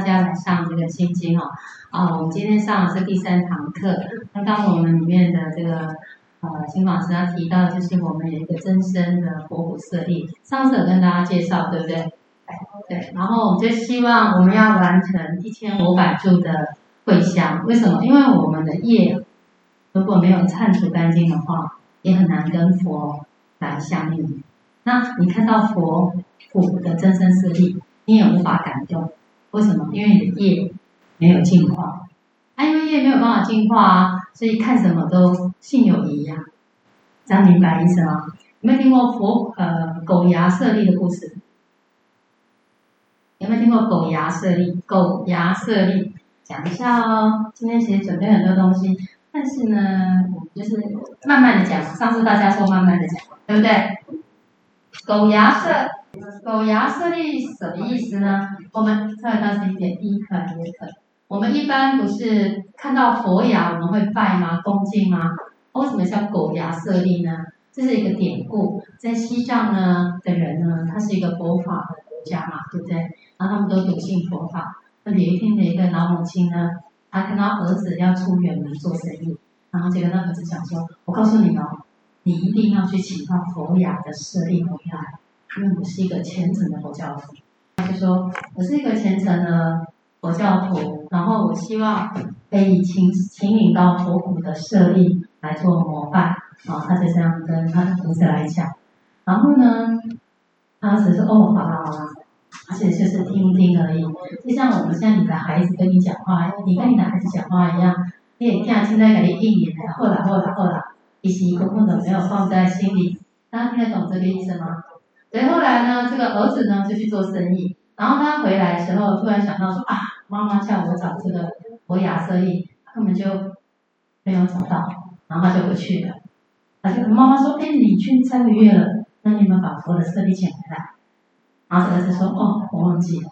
大家來上這個心經哦，啊，我們今天上的是第三堂課。剛剛我們裡面的這個呃，新老師他提到，就是我們有一個真身的佛骨舍利，上次有跟大家介紹，對不對？對。然後我們就希望我們要完成一千五百柱的跪香，為什麼？因為我們的業如果沒有懺除乾淨的話，也很難跟佛來相應。那你看到佛骨的真身舍利，你也無法感動。為什麼？因為你的業沒有淨化，啊，因為業沒有辦法淨化啊，所以看什麼都性心有疑呀，啊。這樣明白意思嗎？有沒有聽過佛呃狗牙舍利的故事？有沒有聽過狗牙舍利？狗牙舍利，講一下哦。今天其實準備很多東西，但是呢，我們就是慢慢的講。上次大家說慢慢的講，對不對？狗牙舍。狗牙舍利是什麼意思呢？我們再大聲一點，一可也可。我們一般不是看到佛牙，我們會拜嗎？恭敬嗎？為、哦、什麼叫狗牙舍利呢？這是一個典故，在西藏呢的人呢，他是一個佛法的國家嘛，對不對？然後他們都篤信佛法。那有一天的一個老母親呢，她看到兒子要出遠門做生意，然後就跟她兒子講說：“我告訴你哦，你一定要去請到佛牙的舍利回來。”因、嗯、為我是一個虔誠的佛教徒，他就說，我是一個虔誠的佛教徒，然後我希望可以請引領到佛骨的舍利來做膜拜啊。他、哦、就這樣跟他的徒弟來講。然後呢，他只是哦，好了好了，而且就是聽聽而已，就像我們像你的孩子跟你講話，你跟你的孩子講話一樣，你也這樣聽那個一米的，後來後來後來，一心空空的沒有放在心裡，大家聽得懂這個意思嗎？所以後來呢，這個兒子呢就去做生意，然後他回來的時候突然想到說啊，媽媽叫我找這個佛牙舍利，他根本就沒有找到，然後他就不去了。他就跟媽媽說，哎，你去三個月了，那你們把佛的舍利撿回來。然後兒子說，哦，我忘記了。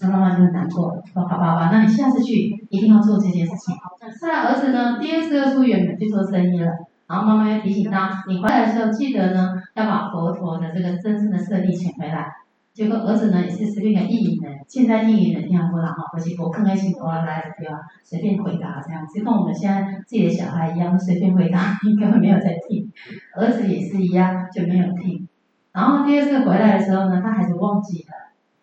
那媽媽就很難過，說好，好吧，好吧，那你下次去一定要做這件事情。那兒子呢，第二次又出遠門去做生意了，然後媽媽又提醒他，你回來的時候記得呢。要把佛陀的這個真正的舍利請回來，結果兒子呢也是隨便的應允了。現在應允了，聽難我老婆而且我空開心多了，來只要隨便回答這樣，就跟我們現在自己的小孩一樣，隨便回答，應該沒有在聽。兒子也是一樣，就沒有聽。然後第二次回來的時候呢，他還是忘記了，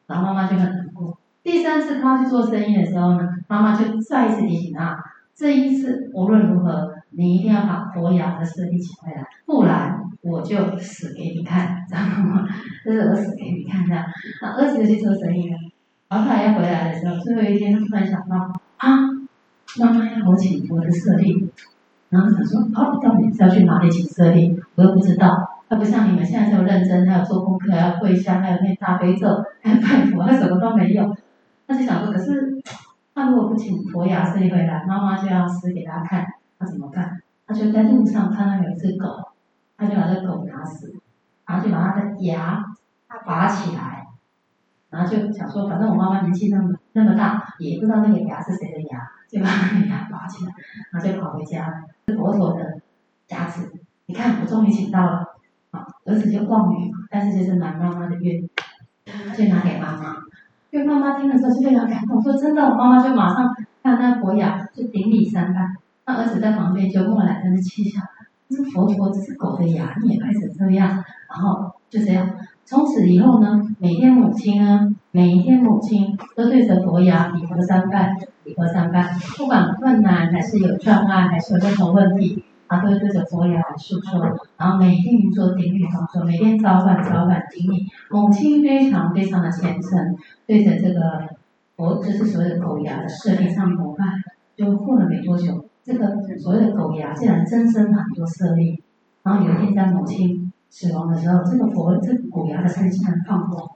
然後媽媽就很難過。第三次他去做生意的時候呢，媽媽就再一次提醒他，這一次無論如何，你一定要把佛牙的舍利請回來，不然。我就死給你看，知道嗎？就是我死給你看，這樣，那兒子就去做生意了，然後他要回來的時候，最後一天他突然想到啊，媽媽要我請佛的舍利。然後想說哦、啊，到底是要去哪裡請舍利？我又不知道。他不像你們現在這麼認真，還要做功課，還要跪下，還有念大悲咒，還拜佛，他什麼都沒有。他就想說，可是他如果不請佛牙舍利回來，媽媽就要死給他看，他怎麼辦？他就在路上看到有一隻狗。他就把那狗打死，然後就把他的牙他拔起來，然後就想說，反正我媽媽年紀那麼那麼大，也不知道那個牙是誰的牙，就把那個牙拔起來，然後就跑回家了，這佛陀的牙齒，你看我終於請到了，啊，兒子就妄語，但是就是滿媽媽的願，就拿給媽媽，因為媽媽聽的時候了之後就非常感動，說真的，我媽媽就馬上看那佛牙就頂禮三拜，那兒子在旁邊就問了兩個人氣下。是佛陀，這是狗的牙，你也拍成這樣，然後就這樣。從此以後呢，每天母親呢，每一天母親都對着佛牙禮佛三拜，禮佛三拜，不管困難還是有障礙，還是有任何問題，啊，都對着佛牙訴說。然後每天做頂禮，然後說每天早晚早晚頂禮。母親非常非常的虔誠，對着這個佛，就是所謂的狗牙的舍利上膜拜，就過了沒多久。這個所謂的狗牙竟然增生很多舍利，然後有一天在母親死亡的時候，這個佛這個、狗牙的身上放光，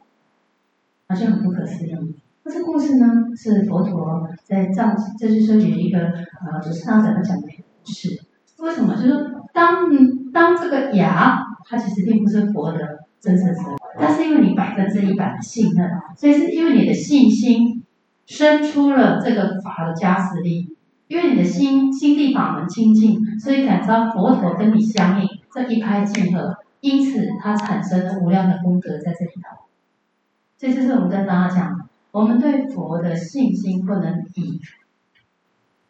好像很不可思議。那這故事呢，是佛陀在藏，這就是有一個呃祖師大德講的故事。為什麼？就是當當這個牙，它其實並不是佛的真正舍利，但是因為你擺在這一百的信任，所以是因為你的信心生出了這個法的加持力。因為你的心心地法門清淨，所以感召佛陀跟你相應，這一拍即合，因此它產生了無量的功德在這裡頭。所以這就是我們跟大家講，我們對佛的信心不能疑。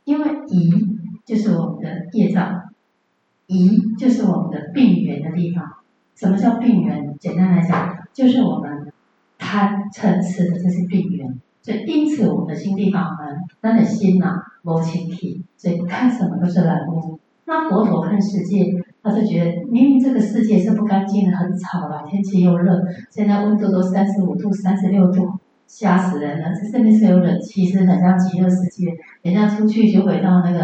因為疑就是我們的業障，疑就是我們的病源的地方。什麼叫病源？簡單來講，就是我們貪嗔痴的這些病源。所以，因此，我們的心地法門，那的心吶、啊，無情體，所以不看什麼都是染汙。那佛陀看世界，他就覺得，明明這個世界是不乾淨的，很吵了，天氣又熱，現在溫度都三十五度，三十六度，嚇死人了。這上面是有冷氣，是很像極樂世界。人家出去就回到那個，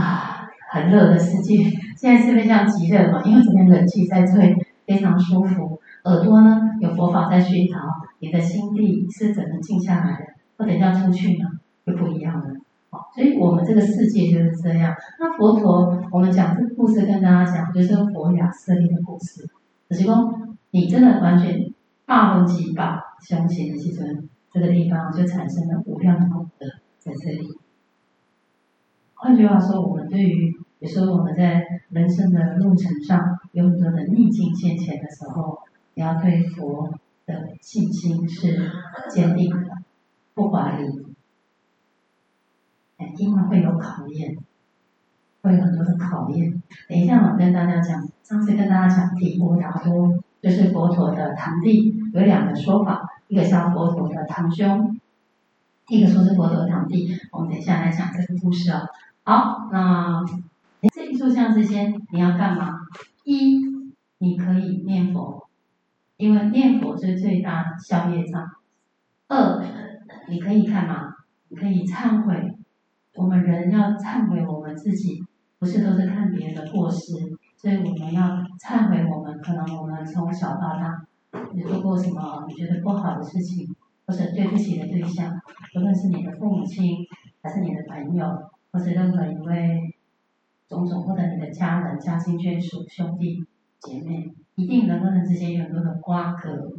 啊，很熱的世界。現在這邊像極樂嘛，因為這邊冷氣在吹，非常舒服。耳朵呢，有佛法在熏陶。你的心地是怎麼靜下來的，或者要出去呢，就不一樣了。所以我們這個世界就是這樣。那佛陀，我們講這個故事跟大家講，就是狗牙舍利的故事。只是說，你真的完全大歡喜，把胸前的氣輪這個地方就產生了無量功德在這裡。換句話說，我們對於，比如說我們在人生的路程上有很多的逆境現前的時候，你要對佛。的信心是堅定的，不懷疑、哎。因為會有考驗，會有很多的考驗。等一下，我跟大家講，上次跟大家講，提婆達多就是佛陀的堂弟，有兩個說法，一個叫佛陀的堂兄，一個說是佛陀堂弟。我們等一下來講這個故事啊、哦。好，那這一炷香之間你要幹嘛？一，你可以念佛。因為念佛是最大消業障。二，你可以看嘛？你可以懺悔。我們人要懺悔我們自己，不是都是看別人的過失，所以我們要懺悔我們。可能我們從小到大，你做過什麼？你覺得不好的事情，或者對不起的對象，無論是你的父母親，還是你的朋友，或者任何一位，種種或者你的家人、家親眷屬、兄弟姐妹。一定人跟人之間有很多的瓜葛，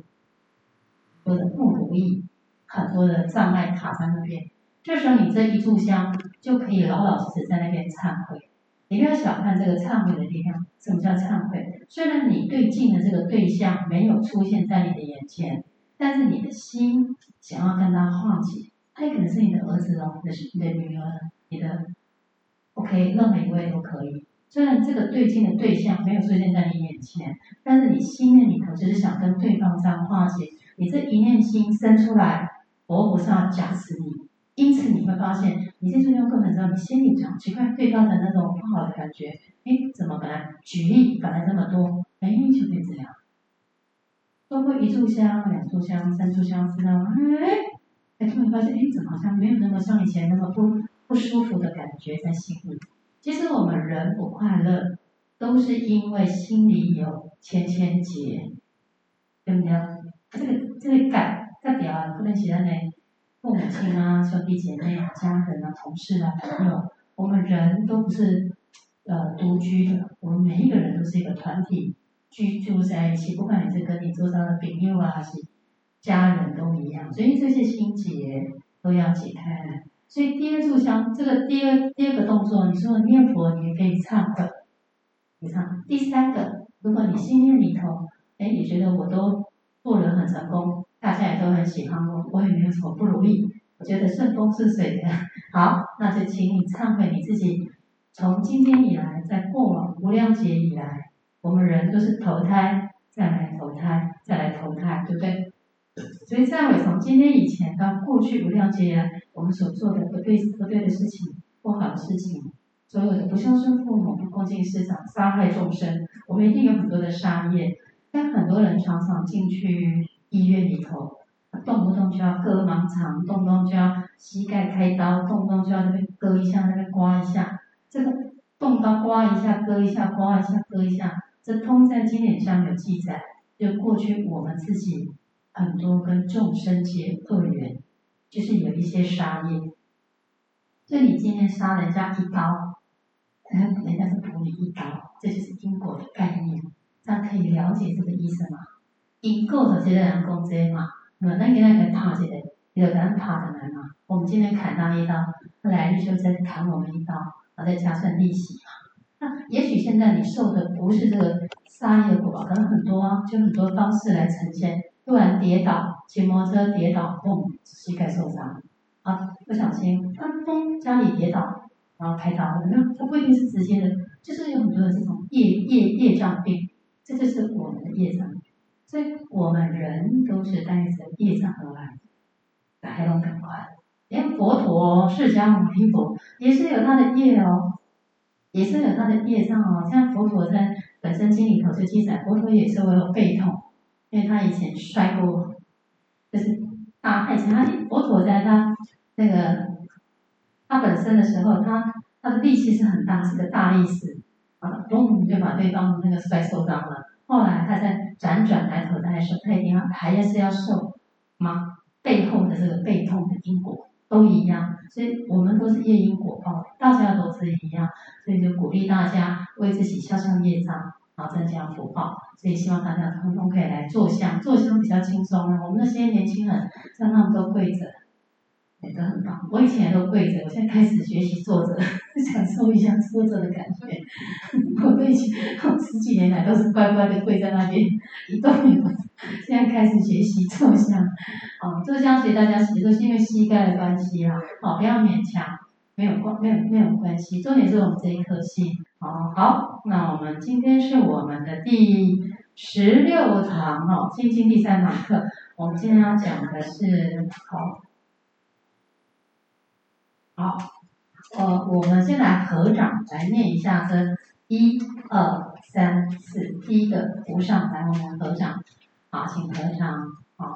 或者不如意，很多的障礙卡在那邊。這時候你這一炷香就可以老老實實在那邊懺悔。你不要小看這個懺悔的地方，什麼叫懺悔？雖然你對境的這個對象沒有出現在你的眼前，但是你的心想要跟他化解。他也可能是你的兒子哦，你的女兒，你的，OK，任何一位都可以。雖然這個對境的對象沒有出現在你眼前，但是你心裡頭就是想跟對方這樣化解。你這一念心生出來，佛菩薩加持你，因此你會發現，你在做這個過程中，你心裡非常奇怪，對方的那種不好的感覺，哎，怎麼本來舉例，本來那麼多，哎，就會這樣。通過一炷香、兩炷香、三炷香知道嗎？哎，哎突然發現，哎，怎麼好像沒有那麼像以前那麼不不舒服的感覺在心裡。其實我們人不快樂，都是因為心裡有千千結，對不對？這個這個感代表不能寫在哪，父母親啊、兄弟姐妹啊、家人啊、同事啊、朋友，我們人都不是呃獨居的，我們每一個人都是一個團體居住在一起，不管你是跟你周遭的朋友啊，還是家人都一樣，所以這些心結都要解開來。所以第二炷香，這個第二第二個動作，你說的念佛，你也可以懺悔，你懺。第三個，如果你心念裡頭，哎，你覺得我都做得很成功，大家也都很喜歡我，我也沒有什麼不如意，我覺得順風順水的，好，那就請你懺悔你自己，從今天以來，在過往無量劫以來，我們人都是投胎，再來投胎，再來投胎，對不對？所以，在我從今天以前到過去，不了解我們所做的不對、不對的事情、不好的事情，所有的不孝順父母、不恭敬師長、殺害眾生，我們一定有很多的殺業。但很多人常常進去醫院裡頭，動不動就要割盲腸，動，動不動就要膝蓋開刀，動不動就要那邊割一下、那邊刮一下。這個動刀刮一下、割一下刮一下、割一下，這通在經典上有記載，就過去我們自己。很多跟眾生結惡緣，就是有一些殺業。所以你今天殺人家一刀，人家是補你一刀，這就是因果的概念。大家可以了解這個意思嗎？因果就是這兩公債嘛，那個那個他這個，有人他討的來嘛。我們今天砍他一刀，後來日就再砍我們一刀，然後再加算利息嘛。那也許現在你受的不是這個殺業果，可能很多啊，就很多方式來呈現。突然跌倒，騎摩托車跌倒，嘣，膝蓋受傷，啊，不小心砰砰、呃呃，家裡跌倒，然後拍倒了，那它不一定是直接的，就是有很多的這種業業業障病，這就是我們的業障，所以我們人都是帶着業障而來，來龍跟脈，連佛陀釋迦牟尼佛也是有他的業哦，也是有他的業障哦，像佛陀在本身經裡頭就記載，佛陀也是會有背痛。因為他以前摔過，就是打太極拳，我躲在他那個他本身的時候，他他的力氣是很大，是個大力士，啊，嘣，就把對方的那個摔受傷了。後來他在輾轉來投胎的時候，他一定要還要是要受嗎？背後的這個背痛的因果都一樣，所以我們都是業因果報，大家都是一樣，所以就鼓勵大家為自己消消業障。好，增加福報，所以希望大家通通可以來坐相，坐相比較輕鬆啊。我們那些年輕人像他們都跪着，也都很棒。我以前都跪着，我現在開始學習坐着，享受一下坐着的感覺。我以前十幾年來都是乖乖的跪在那邊一動也不動，現在開始學習坐相。好，坐相學，其實大家其實都是因為膝蓋的關係啊，好，不要勉強。沒有關，沒有沒有關係，重點是我們這一顆心。哦，好，那我們今天是我們的第十六堂哦，心經第三堂課，我們今天要講的是，好，好，呃，我們先來合掌，來念一下聲，一二三四，第一個無上，來我們合掌，好，請合掌，好。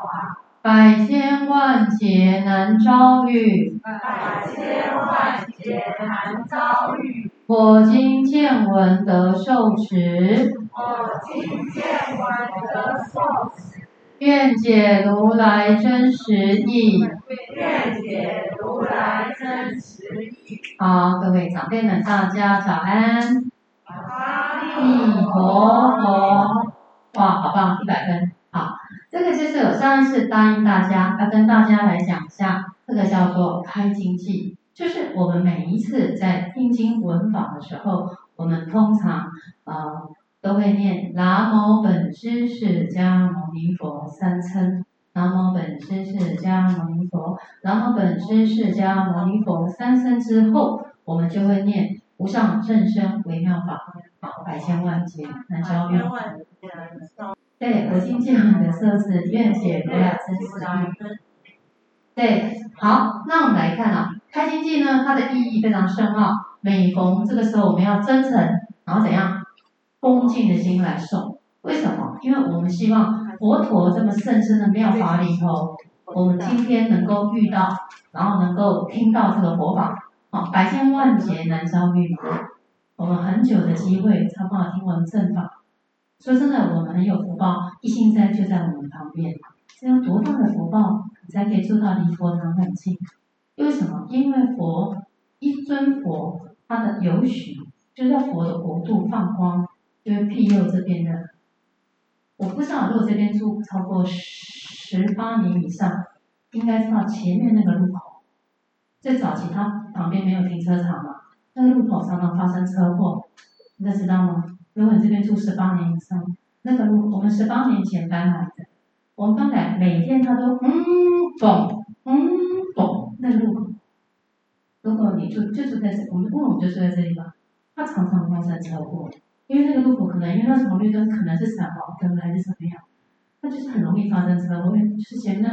百千萬劫難遭遇，百千萬劫難遭遇。我今見聞得受持，我今見聞得受持。願解如來真實義，願解如來真實義。好，各位長輩們，大家早安。阿彌陀佛。哇，好棒，一百分。好。這個就是我上一次答應大家要、啊、跟大家來講一下，這個叫做開經偈，就是我們每一次在聽經聞法的時候，我們通常呃都會念南無本師釋迦牟尼佛三稱，南無本師釋迦牟尼佛，南無本師釋迦牟尼佛三稱之後，我們就會念無上甚深微妙法，百千萬劫難遭遇。那對，核心技能的時候是願解如來真實義、啊。對，好，那我們來看啊，開經偈呢，它的意義非常深奧。每逢這個時候，我們要真誠，然後怎樣恭敬的心來誦，為什麼？因為我們希望佛陀這麼甚深的妙法裡頭，我們今天能夠遇到，然後能夠聽到這個佛法。啊，百千萬劫難遭遇，我們很久的機會才碰到聽聞正法。說真的，我們很有福報，一心齋就在我們旁邊，這樣多大的福報你才可以做到離佛堂很近？為什麼？因為佛一尊佛，它的有許就在佛的國度放光，就會庇佑這邊的。我不知道，如果這邊住超過十八年以上，應該知道前面那個路口，最早其他旁邊沒有停車場嘛？那個路口常常發生車禍，大家知道嗎？如果你這邊住十八年以上，那個路我們十八年前搬來的，我們搬來每天他都嗯嘣嗯嘣、嗯嗯、那個路口，如果你就就住在這，我們因我們就住在這裡吧。他、啊、常常發生車禍，因為那個路口可能因為那紅綠燈可能是閃黃燈還是什麼樣，那就是很容易發生車禍。因為之前呢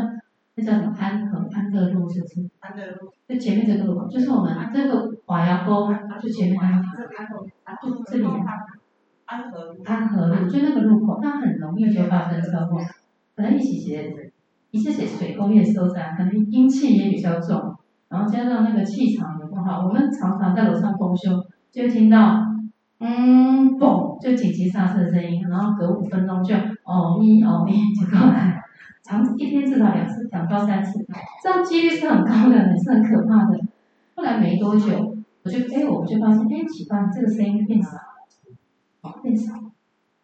那叫什麼安可安德路就是安德路，就前面這個路口，就是我們這個瓦窯溝就前面，就這裡。啊啊啊啊安和路，安和路，就那個路口，它很容易就發生車禍。可能一起鞋子，一些些水工業受災，可能陰氣也比較重，然後加上那個氣場也不好。我們常常在樓上共修就聽到，嗯，嘣，就緊急剎車的聲音，然後隔五分鐘就，哦一哦一就過來，常，一天至少兩次，兩到三次，這樣幾率是很高的，也是很可怕的。後來沒多久，我就哎、欸，我就發現，哎、欸，奇怪，這個聲音變小。少、嗯、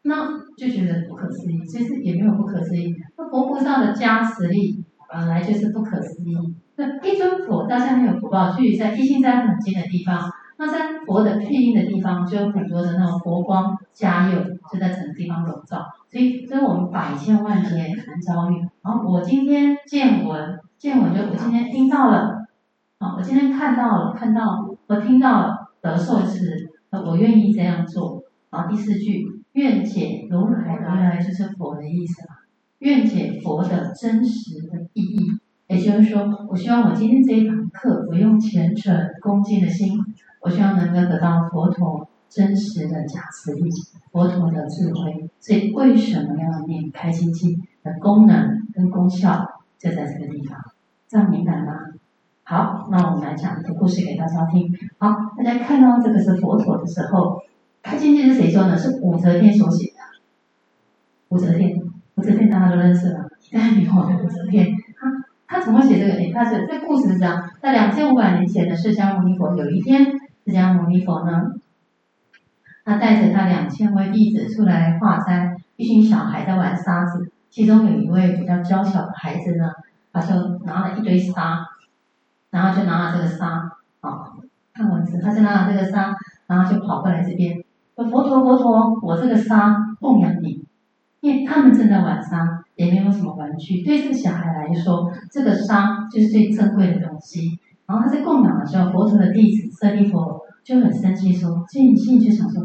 那就覺得不可思議。其實也沒有不可思議。那佛菩薩的加持力本來就是不可思議。那一尊佛，大家很有福報，去在地心山很近的地方。那在佛的庇蔭的地方，就有很多的那種佛光加佑，就在這個地方籠罩。所以，所以我們百千萬劫難遭遇。然後，我今天見聞，見聞就我今天聽到了，啊，我今天看到了，看到我聽到了，得受持，我願意這樣做。好，第四句願解如來，如來就是佛的意思嘛，願解佛的真實的意義，也就是說，我希望我今天這一堂課，不用虔誠恭敬的心，我希望能夠得到佛陀真實的加持力，佛陀的智慧。所以為什麼要念《開經偈》的功能跟功效就在這個地方，這樣明白嗎？好，那我們來講一個故事給大家聽。好，大家看到這個是佛陀的時候。他今天是誰說的？是武則天所寫的。武則天，武則天大家都認識了，一代女皇武則天。她、啊、她怎麼寫這個？哎，她是這故事是這樣：在兩千五百年前的釋迦牟尼佛有一天，釋迦牟尼佛呢，他帶着他兩千位弟子出來化齋，一群小孩在玩沙子，其中有一位比較嬌小的孩子呢，他就拿了一堆沙，然後就拿了這個沙啊、哦，看文字，他就拿了這個沙，然後就跑過來這邊。呃，佛陀，佛陀，我這個沙供養你，因為他們正在玩沙，也沒有什麼玩具，對這個小孩來說，這個沙就是最珍貴的東西。然後他在供養的時候，佛陀的弟子舍利弗就很生氣，說，心裡心裡就想說，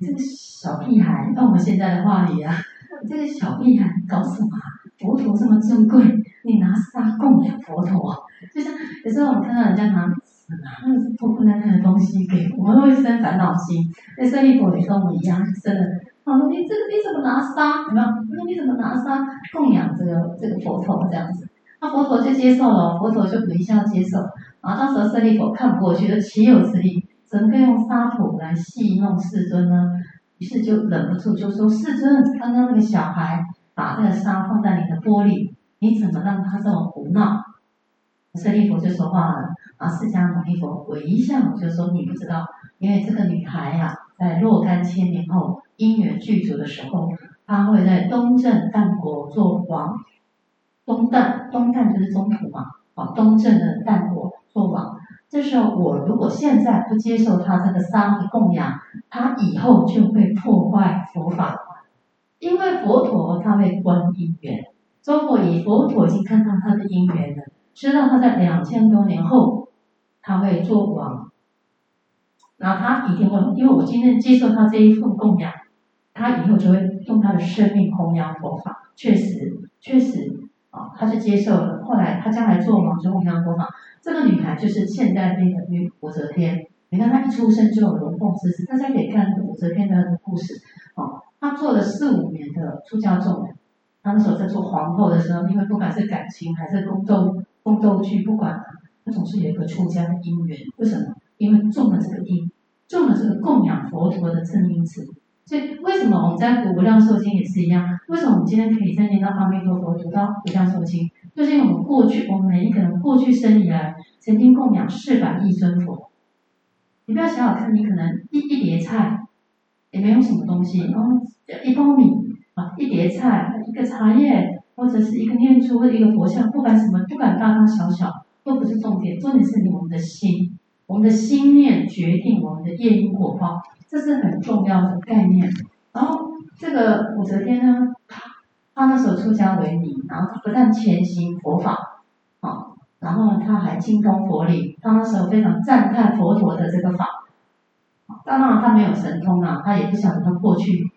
這個小屁孩，到我們現在的話裡啊，這個小屁孩搞什麼？佛陀這麼珍貴，你拿沙供養佛陀，就像有時候我們看到人家拿。那破破爛爛的東西給，給我們會生煩惱心。那舍利佛也跟我們一樣生的。他說：“你這個你怎麼拿沙？那、嗯、你怎麼拿沙供養這個這個佛陀這樣子？”那佛陀就接受了，佛陀就一下接受，然後當時舍利佛看不過去，就豈有此理！怎麼可以用沙土來戲弄世尊呢？”於是就忍不住就說：“世尊，剛剛那個小孩把那個沙放在你的缽裡，你怎麼讓他這麼胡鬧？”舍利弗就說話了啊！釋迦牟尼佛，我一向我就說你不知道，因為這個女孩呀、啊，在若干千年後因緣具足的時候，她會在東震旦國做王。東震旦、東震旦就是中土嘛，往、啊、東震旦的旦國做王。這時候，我如果現在不接受她這個桑的供養，她以後就會破壞佛法。因為佛陀他會觀因緣，所以佛陀已經看到她的因緣了。知道他在兩千多年後他會做王，然後他一定會，因為我今天接受他這一份供養，他以後就會用他的生命弘揚佛法。確實，確實，啊、哦，他是接受了。後來他將來做王就弘揚佛法。這個女孩就是現代的那個女武則天。你看她一出生就有龍鳳之姿，大家可以看武則天的那個故事。哦，她做了四五年的出家眾，她那時候在做皇後的時候，因為不管是感情還是宮鬥，風斗聚，不管它總是有一個出家的因緣。為什麼？因為種了這個因，種了這個供養佛陀的正因子。所以為什麼我們在讀《無量壽經》也是一樣？為什麼我們今天可以再念到阿彌陀佛，讀到《無量壽經》？就是因為我們過去，我們每一個人過去生以來，曾經供養四百億尊佛。你不要想想看，看你可能一一碟菜，也沒有什麼東西，然後一包米啊，一碟菜，一個茶葉。或者是一個念珠，或者一個佛像，不管什麼，不管大大小小，都不是重點。重點是你，我們的心，我們的心念決定我們的業因果，哈，這是很重要的概念。然後這個武則天呢，她那時候出家為尼，然後她不但前行佛法，啊，然後她還精通佛理。她那時候非常讚嘆佛陀的這個法，當然她沒有神通啊，她也不想她過去。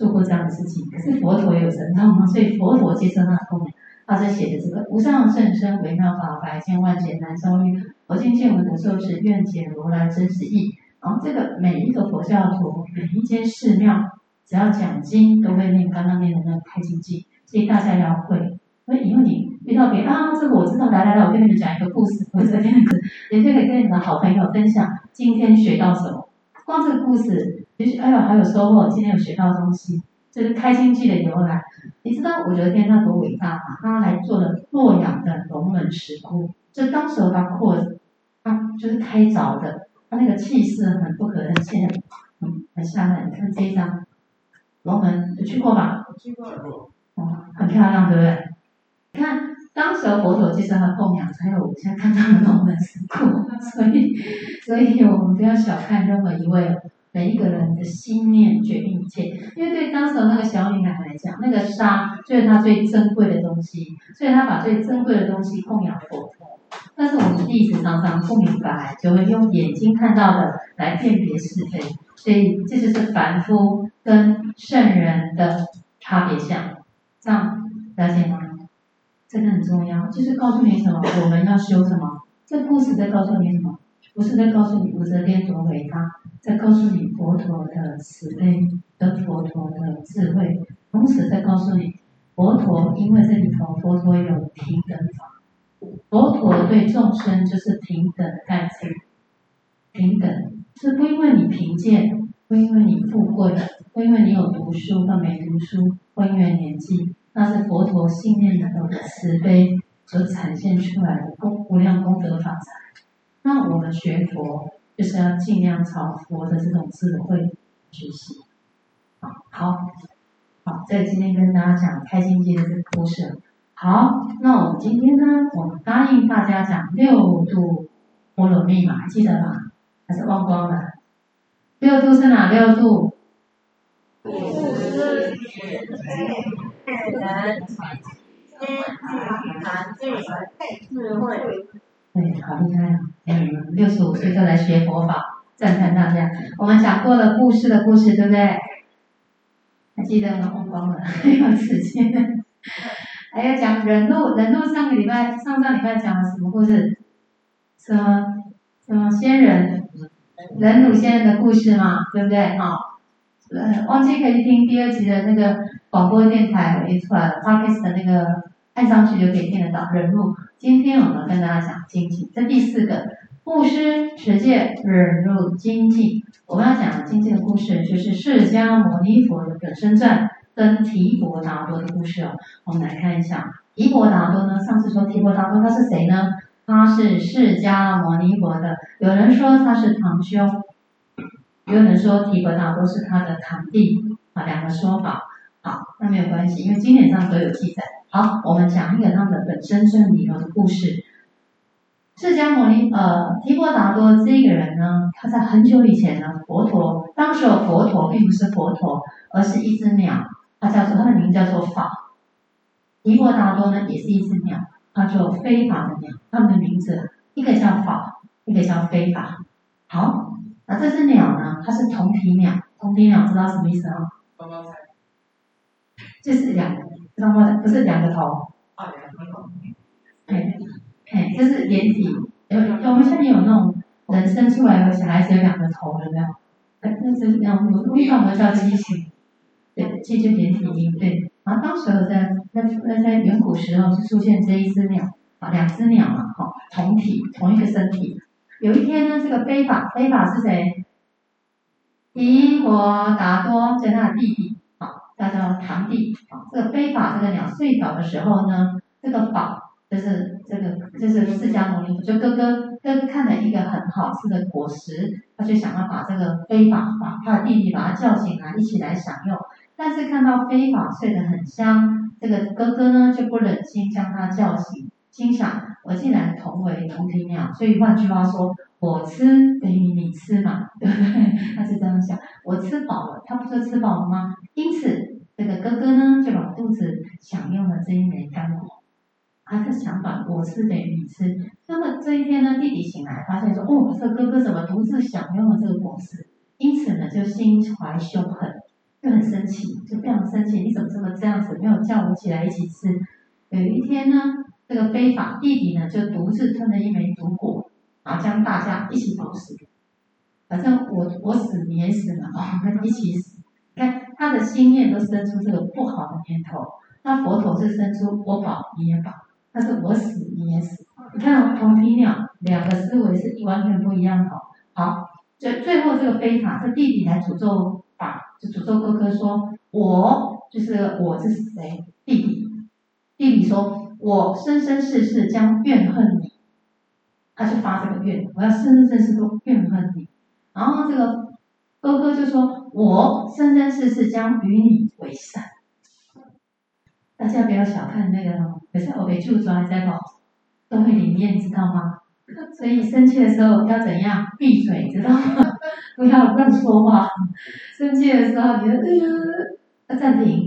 做過這樣的事情，可是佛陀有神通，所以佛陀接受那供養，他在寫的這個無上甚深微妙法，百千萬劫難遭遇。我今見聞得受持，願解如來真實義。然後這個每一個佛教徒，每一間寺廟，只要講經都會念剛剛念的那個開經偈，所以大家要會。所以以後你遇到別人啊，這個我知道，來來來，我跟你們講一個故事，不是這樣子，也可以跟你的好朋友分享今天學到什麼，光這個故事。其實哎呦，還有收穫，今天有學到東西。這、就是開經偈的由來，你知道？武則天他多偉大嗎，他來做了洛陽的龍門石窟，這當時他擴，他、啊、就是開鑿的，他、啊、那個氣勢很不可能見，很嚇人。下來你看這一張龍門，有去過吧？我去過。很漂亮，對不對？你看，當時佛祖就是他供養才有，現在看到的龍門石窟。所以，所以我們不要小看任何一位。每一個人的心念決定一切，因為對當時那個小女孩來講，那個沙就是她最珍貴的東西，所以她把最珍貴的東西供養佛陀。但是我們歷史常常不明白，就會用眼睛看到的來辨別是非，所以這就是凡夫跟聖人的差別相。這樣了解嗎？這個很重要，就是告訴你什麼？我們要修什麼？這故事在告訴你什麼？不是在告訴你武則天多偉大？再告訴你佛陀的慈悲跟佛陀的智慧，同時再告訴你佛陀，因為這裡頭佛陀有平等法，佛陀對眾生就是平等待之，平等是不因為你貧賤，不因為你富貴，不因為你有讀書或沒讀書，不因為年紀，那是佛陀信念裡頭的慈悲所呈現出來的功無量功德法財。那我們學佛。就是要盡量朝佛的這種智慧學習，好，好，好。在今天跟大家講開經偈的故事。好，那我們今天呢，我們答應大家講六度波羅蜜嘛，記得嗎？還是忘光了？六度是哪六度？六度，布施、持戒、忍、精進、禪定、智慧。人人對，好厲害啊！六十五歲就來學佛法，讚嘆大家。我們講過了故事的故事，對不對？還記得嗎？忘光了，沒有時間。還要講忍辱，忍辱上個禮拜，上上禮拜講了什麼故事？什麼？什麼仙人？忍辱仙人的故事嘛，對不對？好，呃，忘記可以聽第二集的那個廣播電台，已經出來了，Focus 的那個。看上去就可以聽得到忍辱。今天我們跟大家講精進，這第四個，布施、持戒、忍辱、精進，我們要講的精進的故事，就是釋迦牟尼佛的本生傳跟提婆達多的故事哦。我們來看一下提婆達多呢，上次說提婆達多他是誰呢？他是釋迦牟尼佛的，有人說他是堂兄，也有人說提婆達多是他的堂弟，啊，兩個說法。好，那沒有關係，因為經典上都有記載。好，我們講一個他們本身這個理由的故事。釋迦牟尼，呃，提婆達多這個人呢，他在很久以前呢，佛陀，當時佛陀並不是佛陀，而是一隻鳥，它叫做它的名字叫做法。提婆達多呢也是一隻鳥，叫做非法的鳥，他們的名字一個叫法，一個叫非法。好，那這隻鳥呢，它是同體鳥，同體鳥知道什麼意思啊？雙胞胎。就是兩個。不是兩個頭，哎、哦、哎，就是連體。有我們現在有那種人生出來的小孩子有兩個頭，有沒有？那那是那我們不知道什麼叫畸形，對，這就連體嬰。對，然後當時在在在在遠古時候就出現這一隻鳥，啊，兩隻鳥嘛，好，同體同一個身體。有一天呢，這個背法，背法是誰？提婆達多在他的弟弟，他叫堂弟啊，這個非法這個鳥睡着的時候呢，這個寶就是這個就是釋迦牟尼佛，就哥哥哥看了一個很好吃的果實，他就想要把這個非法把他的弟弟把他叫醒啊，一起來享用。但是看到非法睡得很香，這個哥哥呢就不忍心將他叫醒，心想我既然同為同體鳥，所以換句話說，我吃等於你，你吃嘛，對不對？他是這樣想，我吃飽了，他不說吃飽了嗎？因此。這個哥哥呢，就獨自享用了這一枚乾果，他是想把果實給你吃。那麼這一天呢，弟弟醒來，發現說：“哦，我這個哥哥怎麼獨自享用了這個果實？”因此呢，就心懷兇狠，就很生氣，就非常生氣：“你怎麼這麼這樣子？沒有叫我起來一起吃。”有一天呢，這個非法弟弟呢，就獨自吞了一枚毒果，然後將大家一起毒死。反正我我死你也死了，哦，我們一起死。你看他的心念都生出這個不好的念頭，那佛陀是生出我保你也保，但是我死你也死。你看同一隻鳥兩個思維是完全不一樣的。好，最最後這個非塔，是弟弟來詛咒，法，就詛咒哥哥說，我就是我是誰？弟弟，弟弟說我生生世世將怨恨你，他就發這個怨，我要生生世世都怨恨你。然後這個哥哥就說。我生生世世將與你為善。大家不要小看那個，可是我沒舊裝還在哦，都會靈驗，知道嗎？所以生氣的時候要怎樣？閉嘴，知道嗎？不要亂說話。生氣的時候你就，覺得呃，啊暫停，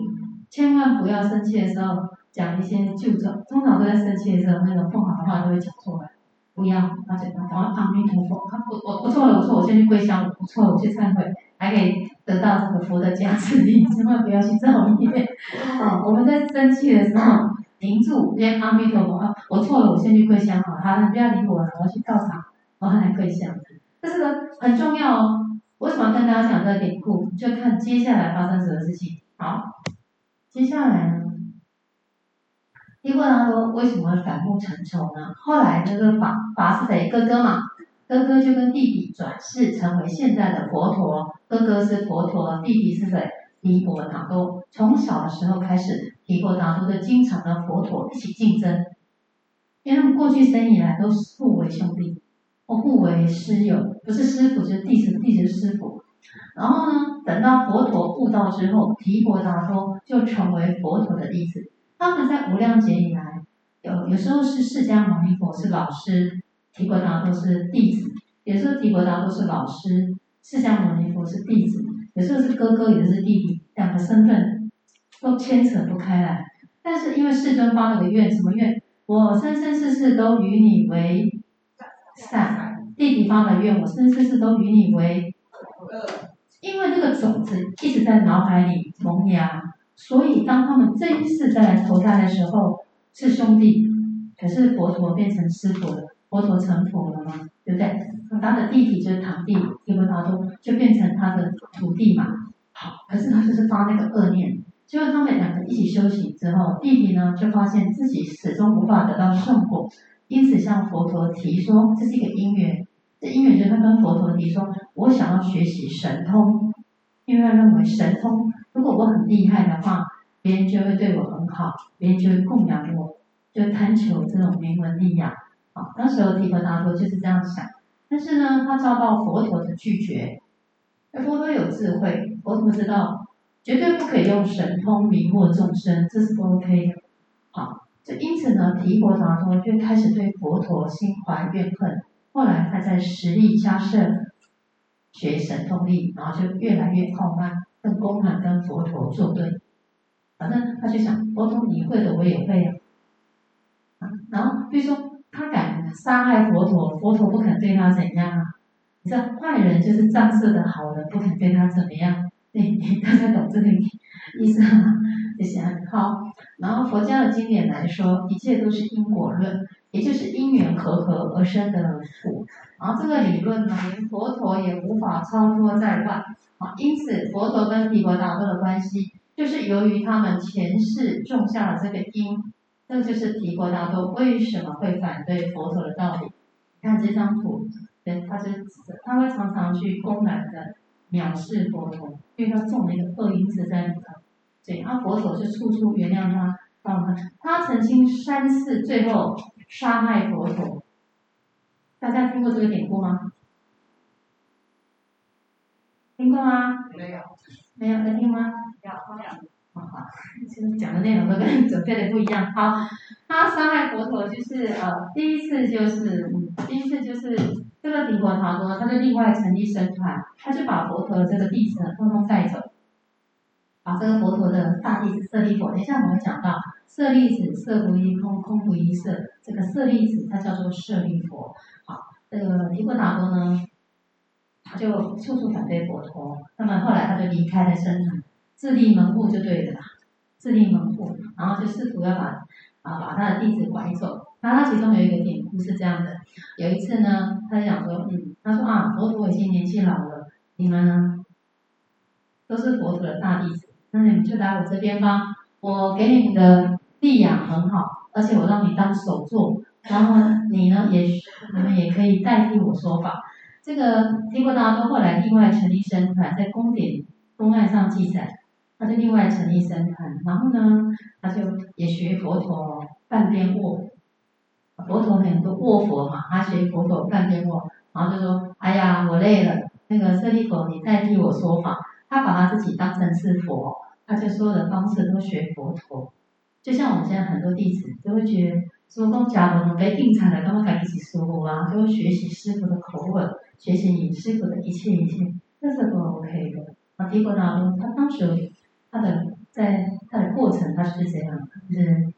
千萬不要生氣的時候講一些舊裝，通常都在生氣的時候，那種不好的話都會講出來。不要，把嘴巴，把嘴巴放到旁邊，不我，我不錯了，我錯我先去跪香，我錯我去懺悔，來給。得到這個佛的加持，你千萬不要去造業。 我們在生氣的時候，停住，念阿彌陀佛。我錯了，我先去跪香好了，不要理我了。我要去道場，我還要跪香。但是呢，很重要哦。為什麼跟大家講這個典故？就看接下來發生什麼事情。好，接下來呢？因果當中為什麼反目成仇呢？後來那個法法師的一個哥哥嘛。哥哥就跟弟弟轉世成為現在的佛陀，哥哥是佛陀，弟弟是提婆達多。從小的時候開始，提婆達多就經常跟佛陀一起競爭，因為他們過去生以來都是互為兄弟，或互為師友，不是師父就是弟子，弟子師父。然後呢，等到佛陀悟道之後，提婆達多就成為佛陀的弟子。他們在無量劫以來，有有時候是釋迦牟尼佛是老師，提婆達多是弟子。有時候提婆達多是老師，釋迦牟尼佛是弟子；有時候是哥哥，也是弟弟，兩個身份都牽扯不開來。但是因為世尊發了個願，什麼願？我生生世世都與你為善。弟弟發了願，我生生世世都與你為惡。因為這個種子一直在腦海裡萌芽，所以當他們這一世再來投胎的時候，是兄弟，可是佛陀變成師父了。佛陀成佛了嗎？對不對？那他的弟弟就是堂弟提婆達多，對對他就變成他的徒弟嘛。好，可是他就是發那個惡念。結果他們兩個一起修行之後，弟弟呢就發現自己始終無法得到聖果，因此向佛陀提說，這是一個因緣。這因緣就會跟佛陀提說，我想要學習神通，因為他認為神通如果我很厲害的話，別人就會對我很好，別人就會供養我，就貪求這種名聞利養。好，那時候提婆達多就是這樣想，但是呢，他遭到佛陀的拒絕。那佛陀有智慧，佛陀知道絕對不可以用神通迷惑眾生，這是不 OK 的。好，就因此呢，提婆達多就開始對佛陀心懷怨恨。後來他在十力迦葉，學神通力，然後就越來越憍慢，更公然跟佛陀作對。反正他就想，佛陀你會的我也會呀。啊，然後比如說。他敢殺害佛陀，佛陀不肯對他怎樣啊？你知道，壞人就是仗勢的,的，好人不肯對他怎麼樣？對，大家懂這個意思嗎？也很好。然後，佛家的經典來說，一切都是因果論，也就是因緣和合而生的果。然後，這個理論呢，連佛陀也無法超脫在外。因此，佛陀跟提婆達多的關係，就是由於他們前世種下了這個因。這就是提婆達多為什麼會反對佛陀的道理。你看這張圖，對，他是，他會常常去公然的藐視佛陀，因為他種了一個惡因子在裡頭。對，阿佛陀是處處原諒他，幫他。他曾經三次最後殺害佛陀。大家聽過這個典故嗎？聽過嗎？沒有？沒有，能聽嗎？好，其實講的內容都跟準備的不一樣。好，他傷害佛陀就是呃，第一次就是，第一次就是這個提婆達多，他就另外成立僧團，他就把佛陀的這個弟子通通帶走，把這個佛陀的大弟子舍利佛。等一下我們講到舍利子色不異空，空不異色，這個舍利子他叫做舍利佛。好，這個提婆達多呢，他就處處反對佛陀。那麼後來他就離開了僧團。自立門戶就對的啦，自立門戶，然後就試圖要把啊把他的弟子拐走。然、啊、後他其中有一個典故是這樣的：有一次呢，他講說，嗯，他說啊，佛陀我已經年紀老了，你們呢都是佛陀的大弟子，那你們就來我這邊吧。我給你們的供養很好，而且我讓你當首座，然後你呢也你們也可以代替我說法。這個經過大家都後來另外陳立生在公典公案上記載。他就另外成一身汗，然後呢，他就也學佛陀半邊臥，佛陀很多臥佛嘛，他學佛陀半邊臥，然後就說：“哎呀，我累了。”那個舍利佛，你代替我說法。他把他自己當成是佛，他就所有的方式都學佛陀。就像我們現在很多弟子就會覺得說，假如我們都會得諸公家都能被定藏的，他們在一起說啊，就會學習師父的口吻，學習你師父的一切一切，這是不 OK 的。第二個呢，他當時。他的在他的過程，他是怎樣，就是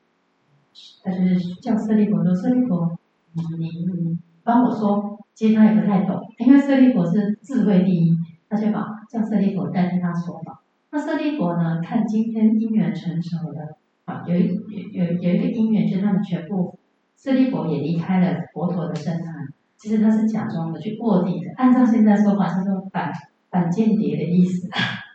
他就是叫舍利弗說，舍利弗你你你，幫我說。其實他也不太懂，因為舍利弗是智慧第一，他就把叫舍利弗代替他說法。那舍利弗呢，看今天因緣成熟了，啊，有一有有一個因緣，就是、他們全部舍利弗也離開了佛陀的身啊，其實他是假裝的去臥底的，按照現在說法，是說反反間諜的意思。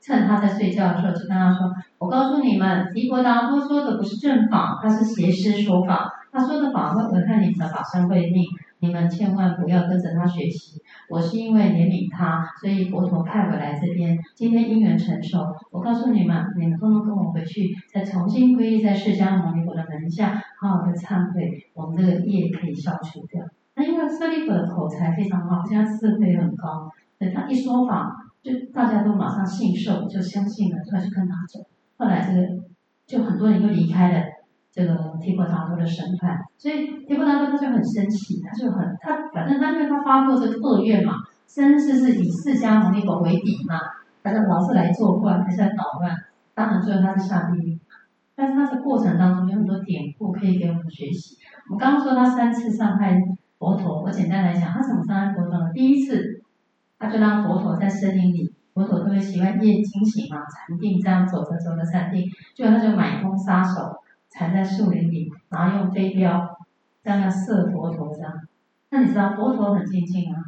趁他在睡覺的時候，就跟他說：“我告訴你們，提婆達多說的不是正法，他是邪師說法。他說的法會危害你們的法身慧命，你們千萬不要跟着他學習。我是因為憐憫他，所以佛陀派我來這邊。今天因緣成熟，我告訴你們，你們都能跟我回去，再重新皈依在釋迦牟尼佛的門下，好好的懺悔，我們這個業可以消除掉。那因為舍利弗的口才非常好，這樣智慧很高，對他一說法。”就大家都馬上信受，就相信了，他就，就跟他走。後來這個就很多人就離開了這個提婆達多的僧團。所以提婆達多他就很生氣，他就很他反正他因為他發過這個惡願嘛，三次是以釋迦牟尼佛為敵嘛，他就老是來作怪，還是來在搗亂，當然最後他是下地獄。但是他的過程當中有很多典故可以給我們學習。我剛剛說他三次傷害佛陀，我簡單來講，他怎麼傷害佛陀呢？第一次。他就讓佛陀在森林裡，佛陀特別喜歡念經行啊，禪定，這樣走着走着禪定，他就有那種買通殺手，藏在樹林裡，然後用飛鏢，這樣要射佛陀這樣。那你知道佛陀很靜靜啊，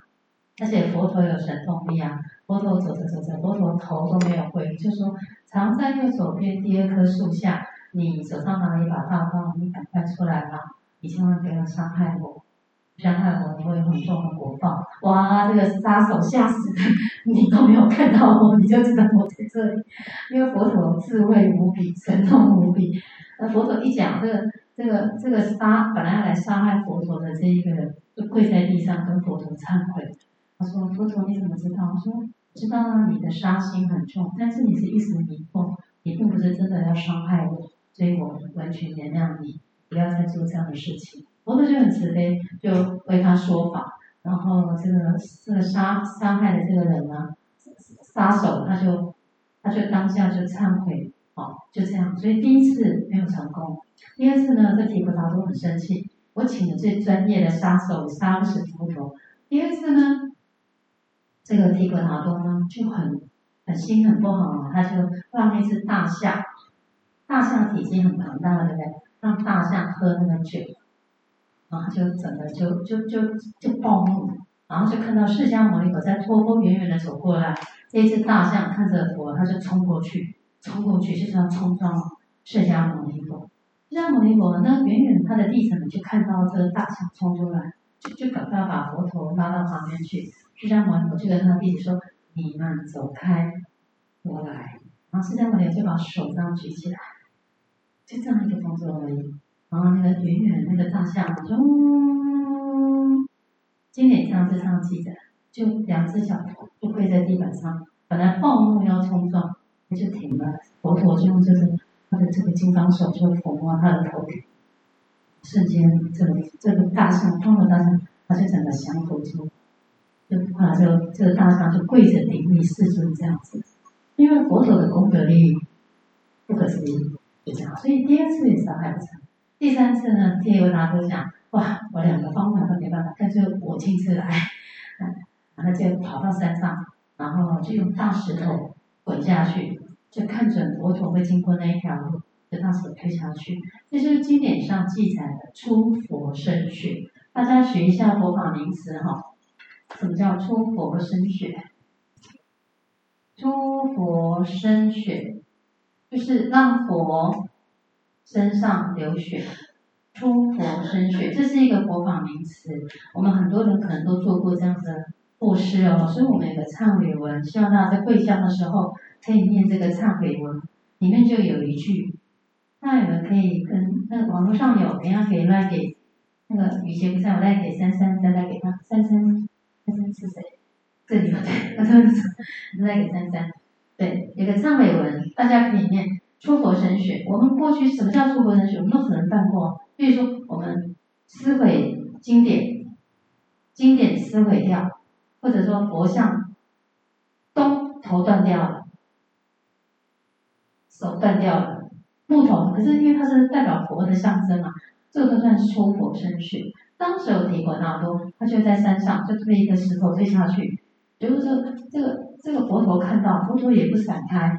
而且佛陀有神通力啊，佛陀走着走着，佛陀頭都沒有回，就說，藏在右手邊第二棵樹下，你手上拿了一把大刀，你趕快出來吧，你千萬不要傷害我。傷害我，你會有很重的果報。哇，這個殺手嚇死！你都沒有看到我，你就知道我在這裡。因為佛陀智慧無比，神通無比。那佛陀一講，這個、這個、這個殺，本來要來傷害佛陀的這一個人，就跪在地上跟佛陀懺悔。他說：“佛陀，你怎麼知道？”我說：“知道啊，你的殺心很重，但是你是一時迷惑，你並不是真的要傷害我，所以我們完全原諒你，不要再做這樣的事情。”佛陀就很慈悲，就為他說法。然後這個這個殺殺害的這個人呢，殺手他就他就當下就懺悔，哦，就這樣。所以第一次沒有成功。第二次呢，這提婆達多很生氣，我請的最專業的殺手殺不死佛陀。第二次呢，這個提婆達多呢就很很心很不好嘛，他就讓那只大象，大象體型很龐大，對不對？讓大象喝那個酒。然後就整個就就就就暴怒，然後就看到釋迦牟尼佛在托缽遠遠的走過來，那只大象看着佛，他就衝過，衝過去，衝過去就是要衝撞釋迦牟尼佛。釋迦牟尼佛呢，遠遠他的弟子就看到這大象衝出來，就就趕快把佛頭拉到旁邊去。釋迦牟尼佛就跟他弟子說：“你們走開，我來。”然後釋迦牟尼佛就把手這樣舉起來，就這樣的一個動作而已。然後那個遠遠的那個大象，就經典上這上記載，就兩隻小腳就跪在地板上，本來暴怒要衝撞，就停了。佛陀就用這個，他的這個金剛手就撫摸他的頭頂，瞬間這個這個大象、中國大象，他就整個降伏住，就後來這個這個大象就跪着頂禮世尊這樣子，因為佛陀的功德力不可思議，就這樣。所以第二次也傷害不強。第三次呢，提婆達多想哇，我兩個方法都沒辦法，但就我親自來，然後就跑到山上，然後就用大石頭滾下去，就看準佛陀會經過那一條路，就大石推下去。這就是經典上記載的出佛身血。大家學一下佛法名詞哈，什麼叫出佛身血？出佛身血，就是讓佛。身上流血，出佛身血，這是一個佛法名詞。我們很多人可能都做過這樣的布施哦，所以我們有個懺悔文，希望大家在跪下的時候可以念這個懺悔文。裡面就有一句，那有沒有可以跟？那網絡上有，人家可以亂給，那個雨不在我，麥給三三，三三給他三三，三三是誰？這女對 我真的是麥給三三，對，有個懺悔文，大家可以念。出佛身血，我們過去什麼叫出佛身血？我們都可能犯過啊。比如說，我們撕毀經典，經典撕毀掉，或者說佛像，咚，頭斷掉了，手斷掉了，木頭。可是因為它是代表佛的象徵嘛，這個都算是出佛身血。當時有提婆達多，他就在山上，就這麼一個石頭推下去，比如說這個、這個、這個佛頭看到，佛頭也不閃開。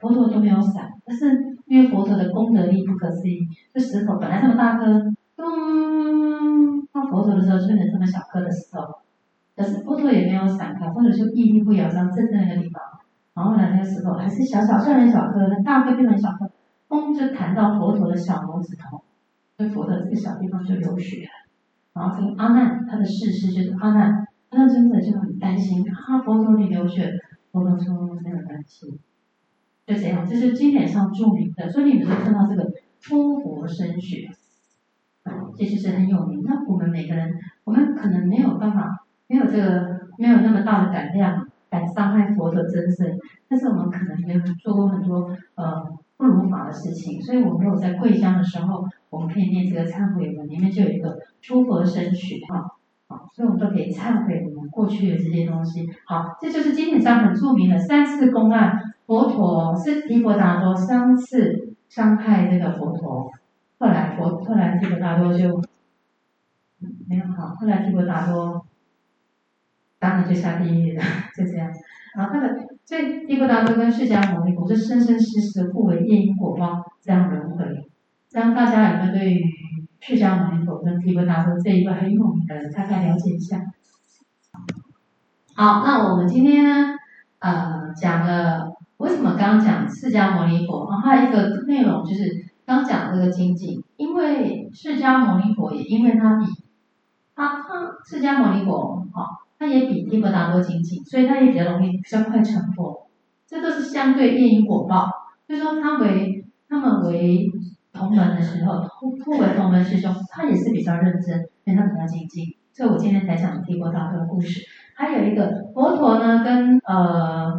佛陀都沒有閃，但是因為佛陀的功德力不可思議，這石頭本來這麼大顆，咚，到佛陀的時候就變成這麼小顆的石頭，可是佛陀也沒有閃開，或者就一屁不咬上正在那個地方，然後呢，那個石頭還是小小、小、小，雖然小顆，但大顆變成小顆，嘣就彈到佛陀的小拇指頭，就佛陀這個小地方就流血了，然後這個阿難他的侍者就是阿難，阿難真的就很擔心，哈，佛陀你流血，佛陀說沒有關係。就這樣，這是經典上著名的，所以你們就看到這個出佛身血，這就是很有名。那我們每個人，我們可能沒有辦法，沒有這個，沒有那麼大的膽量，敢傷害佛陀真身。但是我們可能沒有做過很多呃不如法的事情，所以我們沒有在跪香的時候，我們可以念這個懺悔文，裡面就有一個出佛身血啊。好，所以我們都可以懺悔我們過去的這些東西。好，這就是經典上很著名的三次公案。佛陀是提婆達多三次傷害這個佛陀，後來佛後來提婆達多就沒有好，後來提婆達多，當然就下地獄了，就這樣。然後他的這提婆達多跟釋迦牟尼佛是生生世世互為業因果報這樣輪迴。這樣大家有沒有對於釋迦牟尼佛跟提婆達多這一個很有名的，大家了解一下？好，那我們今天呢，呃講了。為什麼剛剛講釋迦牟尼佛？啊，它一個內容就是剛講的這個精進，因為釋迦牟尼佛也，因為它比它它釋迦牟尼佛哈，它也比提婆達多精進，所以它也比較容易較快成佛。這都是相對業因果報，所以說它為他們為同門的時候，突突為同門師兄，他也是比較認真，因為他比較精進，所以我今天才講提婆達多的故事。還有一個佛陀呢，跟呃。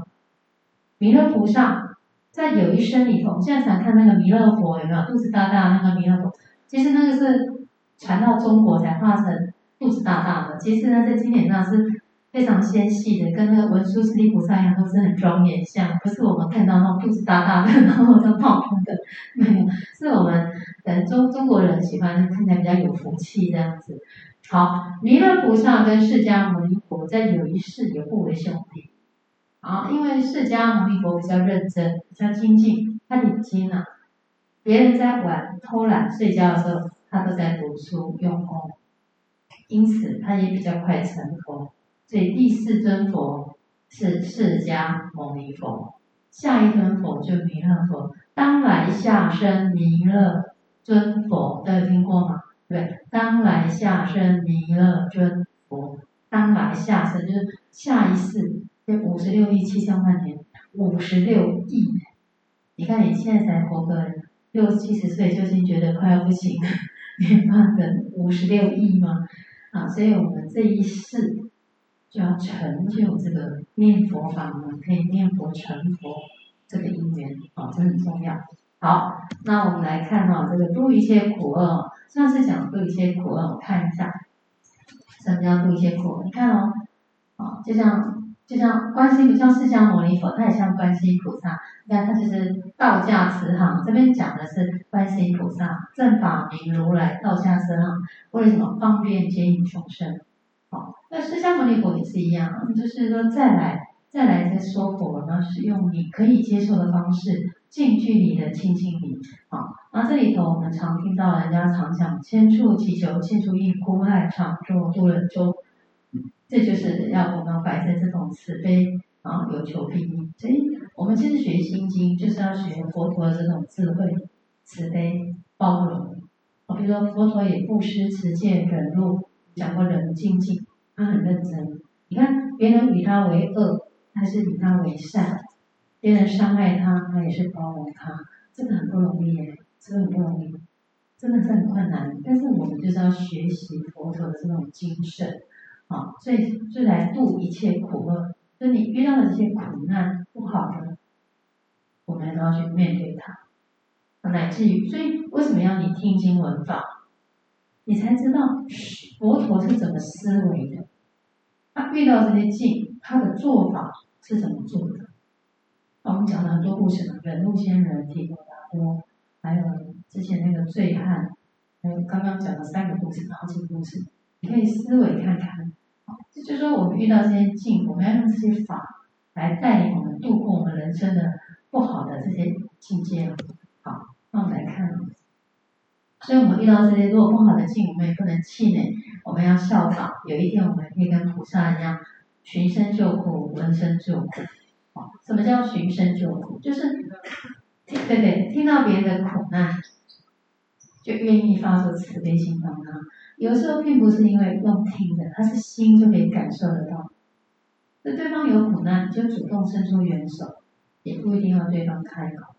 彌勒菩薩在有一生裡頭，我們現在想看那個彌勒佛有沒有肚子大大的那個彌勒佛？其實那個是傳到中國才化成肚子大大的。其實呢，在經典上是非常纖細的，跟那個文殊師利菩薩一樣，都是很莊嚴像，不是我們看到那種肚子大大的，然後胖胖的，沒有，是我們等中中國人喜歡看起來比較有福氣這樣子。好，彌勒菩薩跟釋迦牟尼佛在有一世也互為兄弟。啊，因為釋迦牟尼佛比較認真，比較精進，他挺勤的。別人在玩、偷懶、睡覺的時候，他都在讀書用功。因此，他也比較快成佛。所以，第四尊佛是釋迦牟尼佛，下一尊佛就彌勒佛。當來下生彌勒尊佛，都有聽過嗎？對，當來下生彌勒尊佛，當來下生就是下一世。這五十六億七千萬年，五十六億，你看你現在才活個六七十歲，就已經覺得快要不行，沒辦法，五十六億嗎？啊，所以我們這一世就要成就這個念佛法門，我們可以念佛成佛這個因緣啊、哦，這很重要。好，那我們來看哦，這個度一切苦厄，上次講度一切苦厄，我看一下什麼叫度一切苦厄，你看哦，啊、哦，就像。就像觀音不像釋迦牟尼佛，他也像觀音菩薩。你看，他就是道家慈航這邊講的是觀音菩薩正法明如來、道家慈航，為什麼方便接引眾生？好，那釋迦牟尼佛也是一樣，就是說再來再來在說佛呢，是用你可以接受的方式，近距離的親近你。好，那這裡頭我們常聽到人家常講，千處祈求千處應，苦海常作渡人舟。這就是要我們要擺正這種慈悲啊，有求必應。所以我們其實學《心經》，就是要學佛陀的這種智慧、慈悲、包容。我比如說佛陀也布施、持戒、忍辱，講過忍辱精進，他很認真。你看別人以他為惡，他是以他為善；別人傷害他，他也是包容他。真的很不容易耶，真的很不容易，真的是很困難。但是我們就是要學習佛陀的這種精神。好，所以就來度一切苦厄。所以你遇到的這些苦難不好的，我們都要去面對它，乃至於，所以為什麼要你聽經聞法？你才知道佛陀是怎麼思維的。他遇到這些境，他的做法是怎麼做的？我們講了很多故事，比如木仙人、提婆達多，還有之前那個醉漢，還有剛剛講的三個故事，好幾個故事，你可以思維看看。這就是說，我們遇到這些境，我們要用這些法來帶領我們度過我們人生的不好的這些境界了。好，那我們來看。所以我們遇到這些如果不好的境，我們也不能氣餒，我們要效仿，有一天我們可以跟菩薩一樣，尋聲救苦，聞聲救苦。什麼叫尋聲救苦？就是，對對，聽到別人的苦難，就願意發出慈悲心腸呢有時候並不是因為用聽的，他是心就可以感受得到。那對方有苦難，就主動伸出援手，也不一定要對方開口。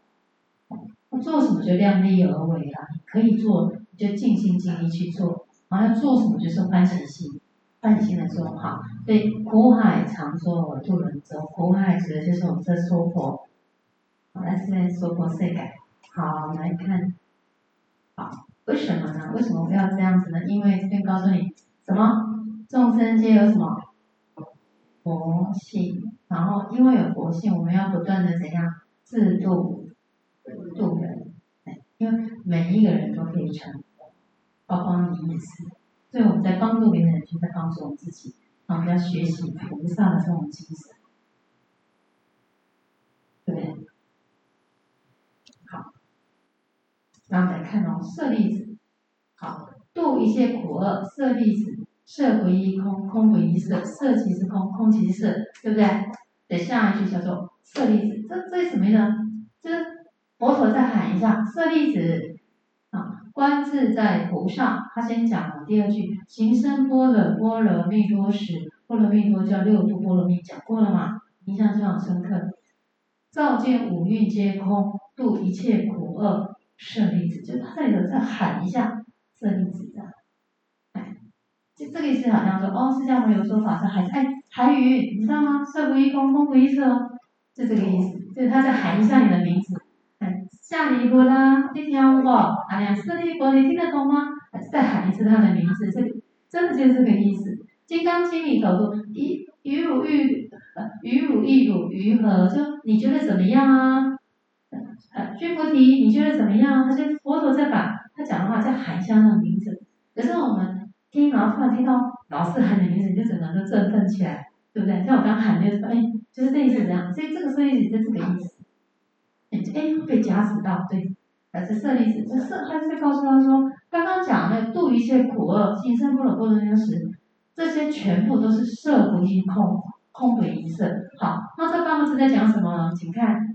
那做什麼就量力而為啦，你可以做你就盡心盡力去做，然後做什麼就是歡喜心，歡喜心的做好。所以苦海常作我渡人舟，苦海指的就是我們這娑婆，來現在娑婆世界。好，來看，好。為什麼呢？為什麼我要這樣子呢？因為這邊告訴你，什麼眾生皆有什麼佛性，然後因為有佛性，我們要不斷的怎樣自度度人，對，因為每一個人都可以成佛，包括你也是。所以我們在幫助別人，就在幫助我們自己。然後我們要學習菩薩的這種精神。剛才看到舍利子，好，度一切苦厄，舍利子，色不異空，空不異色，色即是空，空即是色，對不對？的下一句叫做舍利子，這這是什麼意思呢？這佛陀再喊一下舍利子，啊，觀自在菩薩，他先講了第二句，行深般若波羅蜜多時，波羅蜜多叫六度波羅蜜，講過了嘛？印象非常深刻，照見五蘊皆空，度一切苦厄。舍利子，就是他在裡頭再喊一下舍利子呀，哎，就這個意思好像說哦，釋迦牟尼說法師還是哎，還與你知道嗎？色不異空，空不異色、哦。就這個意思，就是他在喊一下你的名字，哎，夏利波啦，一天，我哎呀，舍利佛你聽得懂嗎？還是再喊一次他的名字，這裡真的就是這個意思。金剛經裡頭說，咦於汝欲，於汝意汝於何？就你覺得怎麼樣啊？呃、啊，須菩提，你覺得怎麼樣？他就佛陀在把，他講的話在喊相應的名字。可是我們聽，然後突然聽到老師喊的名字，你就整個夠都振奮起來，對不對？像我剛喊的、那個，哎、欸，就是這意思這樣，所以這個舍利子就這個意思。哎、欸，被加持到，對，還是舍利子，是，他是在告訴他說，剛剛講的度一切苦厄，行深般若波羅蜜多時，這些全部都是色不異空，空不異色。好，那這八個字在講什麼呢？請看。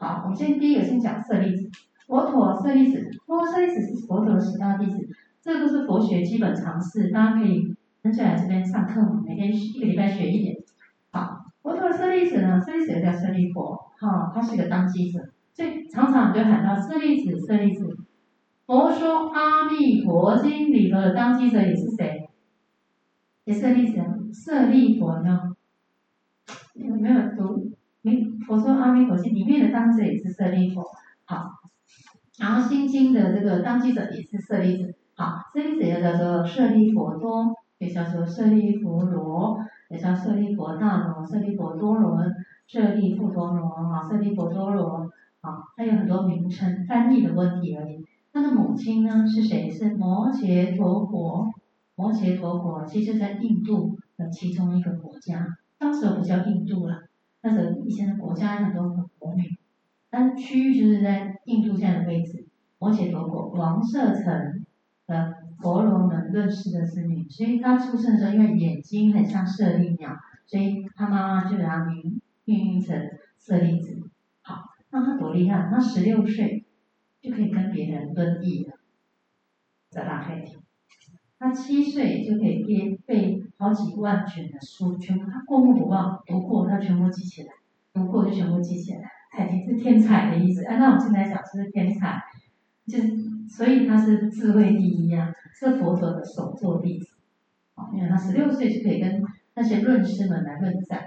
好，我們先第一個先講舍利子，佛陀舍利子，佛陀舍利子是佛陀的十大弟子，這都是佛學基本常識，大家可以跟下來這邊上課嘛，每天一個禮拜學一點。好，佛陀舍利子呢，舍利子也叫舍利佛，哈、哦，他是一個當機者，所以常常我們就喊到舍利子，舍利子。佛說《阿彌陀經》裡頭的當機者也是誰？也是舍利子，舍利佛呢？有沒有讀？明，佛說《阿彌陀經》，裡面的當子也是舍利弗，好，然後《心經》的這個當機者也是舍利子，好，舍利子也叫做舍利弗多，也叫做舍利弗羅，也叫舍利弗大羅、舍利弗多羅、舍利弗多羅啊、舍利弗多、多羅，好，他有很多名稱翻譯的問題而已。他的母親呢是誰？是摩羯陀國，摩羯陀國其實在印度的其中一個國家，當時不叫印度了。那時候以前的國家很多很公平，但是區域就是在印度現在的位置，摩揭陀國王舍城的婆羅門認識的是女，所以他出生的時候因為眼睛很像舍利鳥，所以他媽媽就給他名命名成舍利子。好，那他多厲害，他十六歲就可以跟別人論藝了，在拉黑。他七歲就可以背背好幾萬卷的書，全部他過目不忘，讀過他全部記起來，讀過就全部記起來。太、哎、經是天才的意思？哎、啊，那我們現在講就是天才，就是、所以他是智慧第一啊，是佛陀的首座弟子、哦。因為他十六歲就可以跟那些論師們來論戰。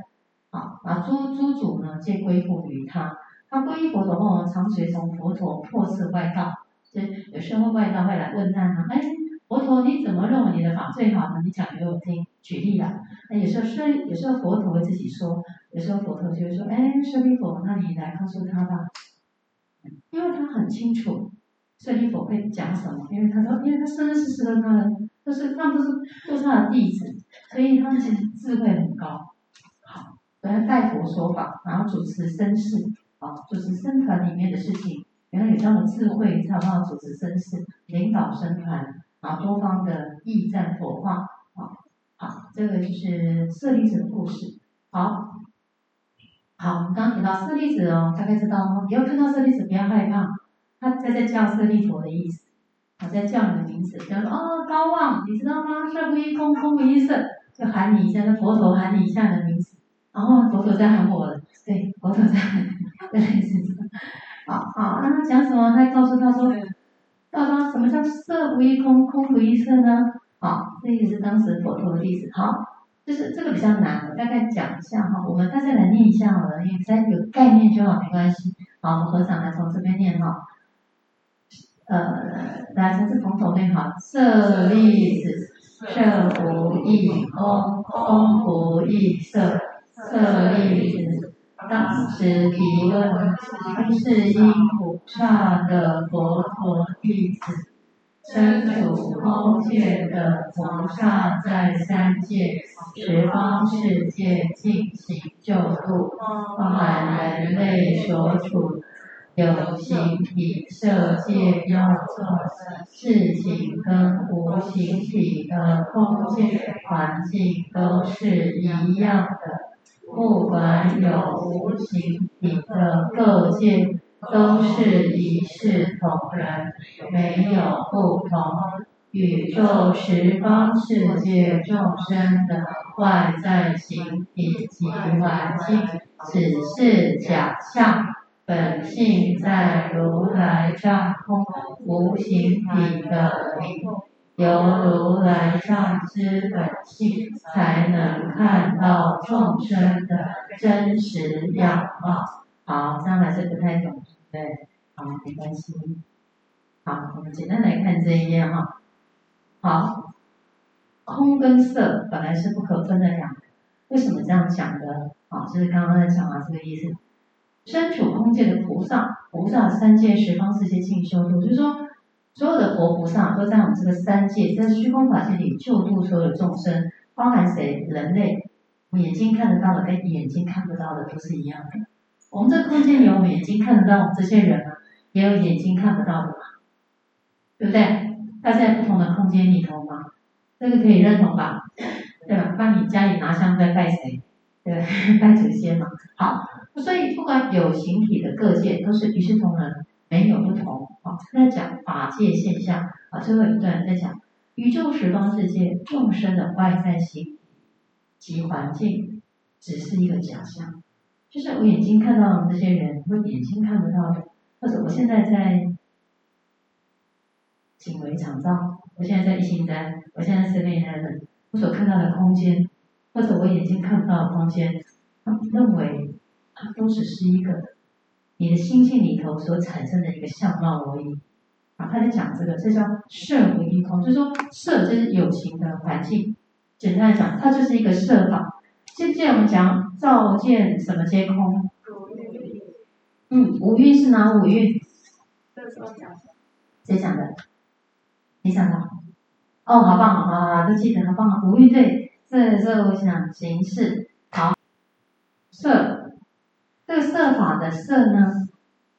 好、哦，然後諸諸祖呢皆歸附於他，他皈依佛陀後，常隨從佛陀破斥外道，就有時候外道會來問他，哎。佛陀，你怎麼認為你的法最好呢？你講給我聽，舉例啊，那有時候說，有時候佛陀會自己說，有時候佛陀就會說：“哎，舍利佛，那你來告訴他吧，因為他很清楚舍利佛會講什麼，因為他說，因為他生死死了，就是生世的，就是他們都是都是他的弟子，所以他們其實智慧很高。好，然後代佛說法，然後主持僧事，啊，主持僧團裡面的事情，原來有這樣的智慧，才能主持僧事，領導僧團。”啊，多方的驛站佛化，好，啊，好，啊，這個就是舍利子的故事。好好，我們剛，剛提到舍利子哦，大概知道哦，你要看到舍利子，不要害怕，他在在叫舍利子的意思，我在叫你的名字，叫說哦高望，你知道嗎？色不異空，空不異色，就喊你一下，佛陀喊你一下你的名字，然、哦、後佛陀在喊我了，對，佛陀在，對，啊，那他講什麼？他告訴他說。道長，什麼叫色不異空，空不異色呢？好，這個是當時佛陀的例子。好，就是這個比較難，我大概講一下哈。我們大家來念一下，我們念三個有概念就好，沒關係。好，我們合掌來從這邊念哈。呃，來，從這從頭念哈，舍利子，色不異空，空不異色，舍利子，當時提問，是因。剎的佛陀弟子，身處空界的菩薩，在三界十方世界進行救助，把人類所處有形體世界要做事情，跟無形體的空間環境都是一樣的。不管有無形體的構建。都是一視同仁，沒有不同。宇宙十方世界眾生的外在形體及環境，只是假象。本性在如來藏空無形體的，由如來藏之本性，才能看到眾生的真實樣貌。好，這樣還是不太懂。對，好，沒關係。好，我們簡單來看這一頁哈。好，空跟色本來是不可分的兩個，為什麼這樣講的？啊，就是剛剛在講啊，這個意思。身處空界的菩薩，菩薩三界十方世界進修度，也就是說，所有的佛菩薩都在我們這個三界，在虛空法界裡救度所有的眾生，包含誰？人類，眼睛看得到的，跟、哎、眼睛看不到的，都是一樣的。我們這個空間我們看得到這些人，也有眼睛看得到，我們這些人啊，也有眼睛看不到的嘛，對不對？他在不同的空間裡頭嘛，這個可以認同吧？對吧？那你家裡拿香在拜誰？對，拜祖先嘛。好，所以不管有形體的各界，都是一視同仁，沒有不同。好，再講法界現象啊，最後一段在講宇宙十方世界眾生的外在形體及環境，只是一個假象。就是我眼睛看到的那些人，我眼睛看不到的，或者我現在在警帷長照，我現在在一心齋，我現在身邊的人，我所看到的空間，或者我眼睛看不到的空間，他們認為，它都是是一個，你的心境裡頭所產生的一個相貌而已。啊，他在講這個，這叫色不異空，就是說色就是有形的環境，簡單來講，它就是一個色法。接接着我們講。照見什麼皆空？嗯，五蘊是哪五蘊？色、受、想、誰想的？誰想到？哦，好棒好棒，都記得，好棒，五蘊對，色受想行識。好，色，這個色法的色呢，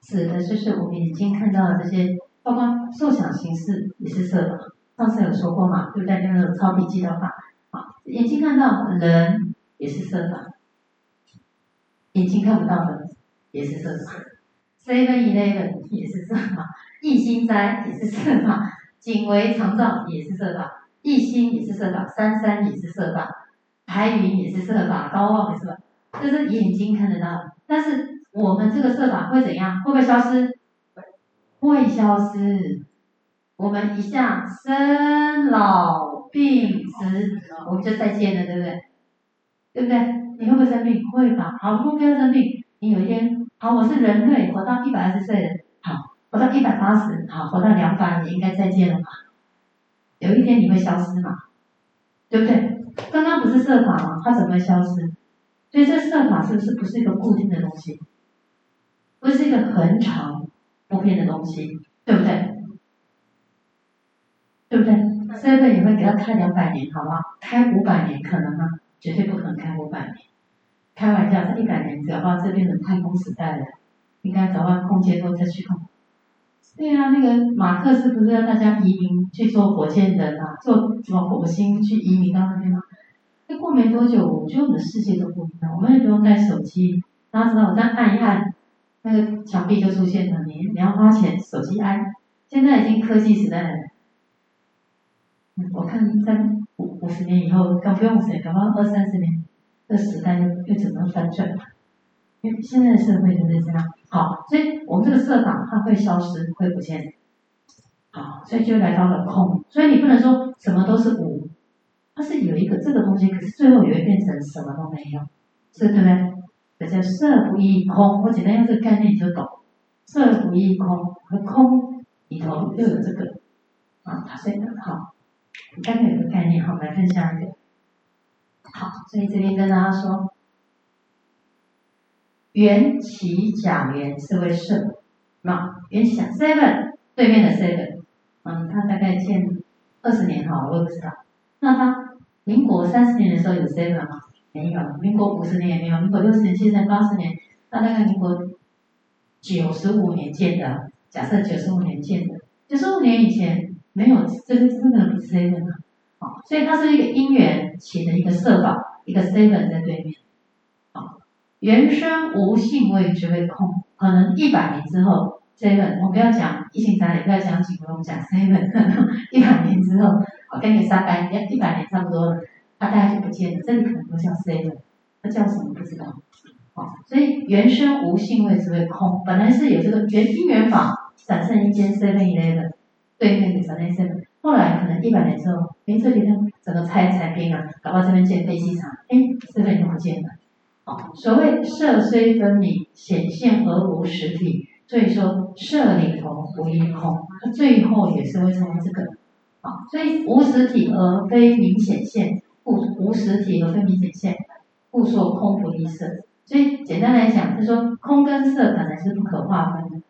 指的就是我們眼睛看到的這些，包括受想行識也是色法，上次有說過嘛，對不對？就是那種抄筆記的話，好，眼睛看到人也是色法，眼睛看不到的也是色法，7-11也是色法，一心齋也是色法，頸為腸者也是色法，一心也是色法，三三也是色法，白雲也,也是色法，高望也是色法。這、就是眼睛看得到，但是我們這個色法會怎樣？會不會消失？會消失。我們一下生老病死，我們就再見了，對不對？對不對？你會不會生病？會吧。好，如果不要生病。你有一天，好，我是人類，活到一百二十歲，好，活到一百八十，好，活到兩百年，你應該再見了吧？有一天你會消失嗎？對不對？剛剛不是色法嗎？它怎麼會消失？所以這色法是不是不是一個固定的東西？不是一個恆常不變的東西，對不對？對不對？所以你會給他開兩百年，好不好？開五百年可能嗎？絕對不可能開五百年。開玩笑，才一百年，只要到這邊的太空時代了，應該早晚空間中再去看。對啊，那個馬克思不是讓大家移民去做火箭人啊，做什麼火星去移民到那邊嗎？那過沒多久，我覺得我們的世界都不一樣，我們也不用帶手機。當時我這樣按一按，那個牆壁就出現了。你你要花錢手機安，現在已經科技時代了。嗯，我看在五五十年以後更不用說，搞不好二三十年。這時代又又只能翻轉，因為現在的社會就是這樣。好，所以我們這個色法它會消失，會不見，好，所以就來到了空。所以你不能說什麼都是無，它是有一個這個東西，可是最後也會變成什麼都沒有，是，對不對？這叫色不異空。我簡單用這個概念你就懂，色不異空，而空裡頭又有這個，啊，它所以好。剛才有個概念，好，來看下一個。好，所以這邊跟大家說，元，元，有有緣起假緣是為順，是吧？緣起假 seven 對面的 seven，嗯，他大概建二十年哈，我也不知道。那他民國三十年的時候有 seven 嗎？沒有，民國五十年也沒有，民國六十年、七十年、八十年，他大概民國九十五年建的，假設九十五年建的，九十五年以前沒有，真真的沒有 seven。所以它是一個因緣起的一個色法，一個 seven 在對面。啊，原生無性位置為空，可能一百年之後 seven 我不要講異性法，也不要講錦綸，我們講 seven 可能一百年之後，我跟你上班要一百年差不多了，他大概就不見了。這裡可能不叫 seven，它叫什麼不知道。哦，所以原生無性位置為空，本來是有這個，因為因緣法產生一間 seven eleven 的，對面的產生 seven，後來可能一百年之後。誒這裡定整個開拆邊啊，搞到這邊建飛機場，哎，這邊就不見了。好，所謂色雖分明顯現而無實體，所以說色裡頭不異空，它最後也是會成為這個。好，所以無實體而非明顯現，故無,無實體而非明顯現，故說空不異色。所以簡單來講，就是說空跟色本來是不可劃分的，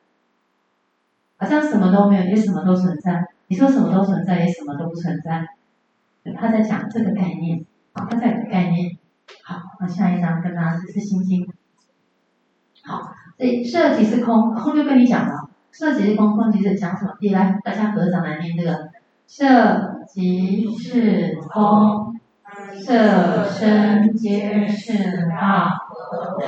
好像什麼都沒有，也什麼都存在；你說什麼都存在，也什麼都不存在。他在講這個概念，他在這個概念，好，那下一張跟他這是星星，好，所以色即是空，空就跟你講了，色即是空，空即是講什麼？你來，大家合掌來念這個，色即是空，色身皆是空。和合，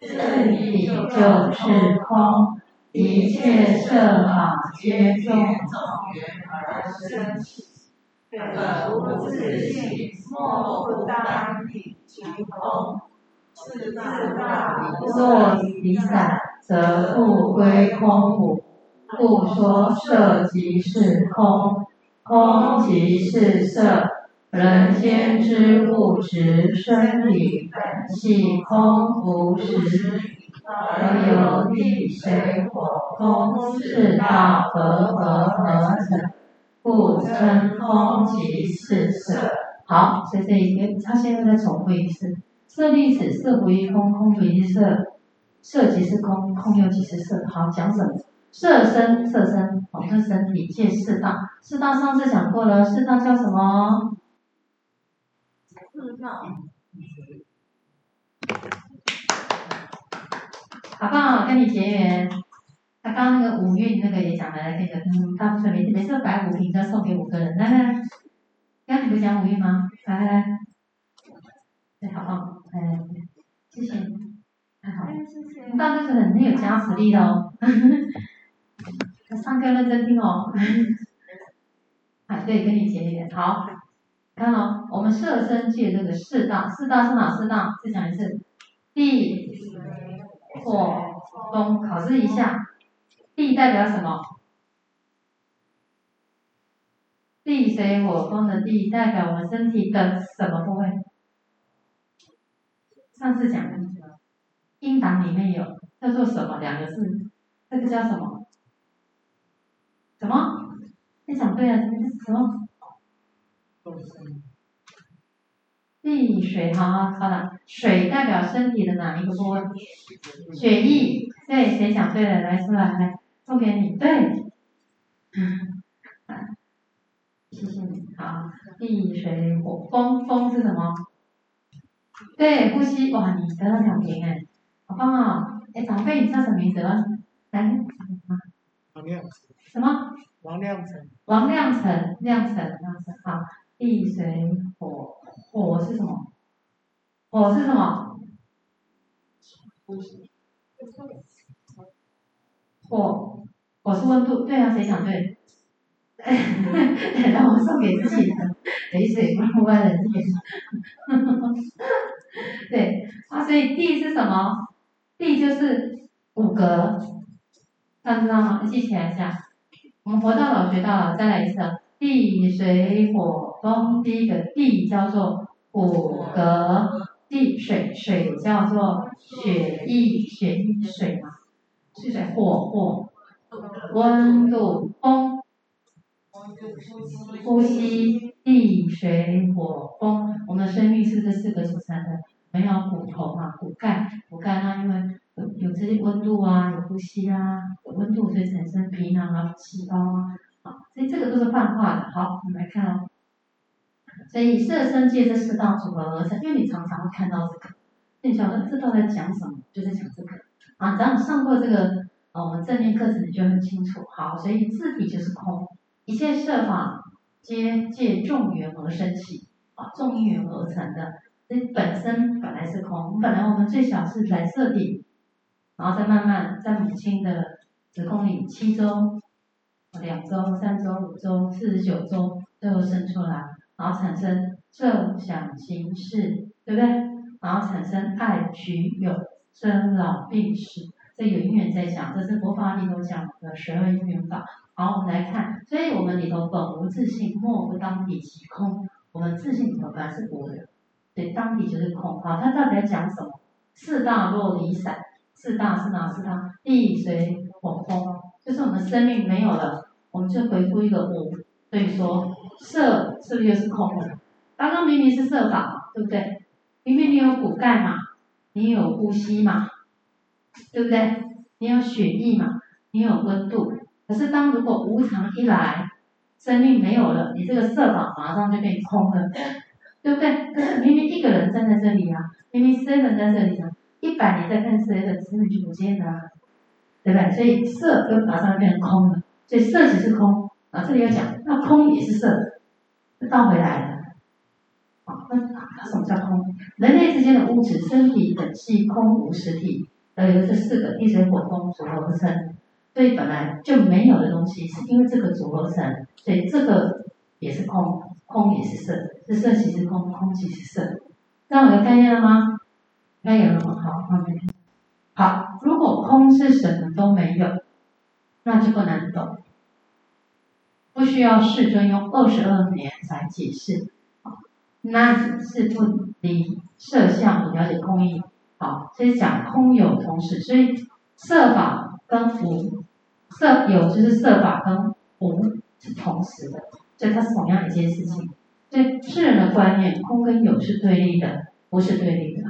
色即就是空。一切色法皆從緣而生起，本無自性，莫不當體即空。四大離散，則不歸空無。不說色即是空，空即是色。人間之物質身體，本係空無實。而由地水火風四大和合而成，故稱空即是色。好，所以這一個。它現在再重複一次：舍利子，色不異空；空不異色，色即是空，空又即是色。好，講什麼？色身，色身，我們的身體，見四大。四大上次講過了，四大叫什麼？四大。好棒好，跟你結緣。他剛，剛那個五蘊，那個也講了那個，嗯，大部分，每次每次擺五瓶再送給五個人，來來，來，剛才不講五蘊嗎？來來，來，對，好，不好，謝謝好，嗯，謝謝，太好，謝謝。大部分是很有加持力的哦，呵呵呵，上課認真聽哦。啊， 對，跟你結緣，好，看哦，我們攝身去這個四大，四大是哪四大？再講一次，第。火風考試一下，d 代表什麼？地水火風的地代表我們身體的什麼部位？上次講的，音檔裡面有叫做什麼兩個字？這個叫什麼？什麼？你想對了，什麼？地水好，好了。水代表身體的哪一個部位？血液。對，誰想對了？來，出來，來，送給你。對，嗯，來，謝謝你。好，地水火風，風是什麼？對，呼吸。哇，你得了兩分哎，好棒啊！哎，寶貝，你叫什麼名字？來，啊，王亮。什麼？王亮成。王亮成，亮成，亮成。好，地水火。火是什麼？火是什麼？火，火是溫度。對啊，誰想對？讓 我送給自己的，給、哎、誰？關愛自己。 對，啊，所以地是什麼？地就是骨骼，大家知道嗎？記起來一下。我們活到老，學到老，再來一次。地水火風，第一個地叫做骨骼，地水水叫做血液，血液水嘛，是水,水。火火溫度風，呼吸地水火風，我們的生命是這四個組成的，沒有骨頭嘛、啊，骨幹骨幹它、啊、因為有,有這些溫度啊，有呼吸啊，有溫度所以產生皮囊啊，細胞啊。所以這個都是幻化的，好，我們來看哦。所以色身藉這四大組合而成，因為你常常會看到這個，所以你想得這到底在講什麼，就在講這個。啊，只要你上過這個呃，我們正念課程，你就很清楚。好，所以字體就是空，一切色法皆借眾緣而生起，啊，眾因緣而成的，所以本身本來是空，本來我們最小是卵色體，然後再慢慢在母親的子宮裡七周。兩週，三週，五週，四十九週最後生出來，然後產生受想行識，對不對？然後產生愛、取、有、生、老、病、死。這個永遠在講，這是佛法裡頭講的十二因緣法。好，我們來看，所以我們裡頭本無自信，莫不當體即空。我們自信裡頭本來是有的，對，當體就是空。好，他到底在講什麼？四大若離散，四大是哪四大？地、水、火、風，就是我們生命沒有了。我們就回復一個無，所以說色是不是就是空的？剛剛明明是色法，對不對？明明你有骨鈣嘛，你有呼吸嘛，對不對？你有血液嘛，你有溫度。可是當如果無常一來，生命沒有了，你這個色法馬上就變空了，對不對？明明一個人站在這裡啊，明明 seven 在這裡啊，一百年再看誰的，seven 就不見了，對不對？所以色就馬上變空了。所以色即是空，啊，這裡要講，那空也是色，就倒回來了。啊，那啊什麼叫空？人類之間的物質、身體，本是空無實體，呃，有這四個，地水火風組合而成。所以本來就沒有的東西，是因為這個組合成，所以這個也是空，空也是色，是色即是空，空即是色的。這樣有概念了嗎？該有了嗎？好，OK、嗯。好，如果空是什麼都沒有。那就不能懂，不需要世尊用二十二年來解釋。那是不離色相，你了解空義。好，所以講空有同時。所以色法跟無色有，就是色法跟無是同時的，所以它是同樣一件事情。所以世人的觀念，空跟有是對立的，不是對立的。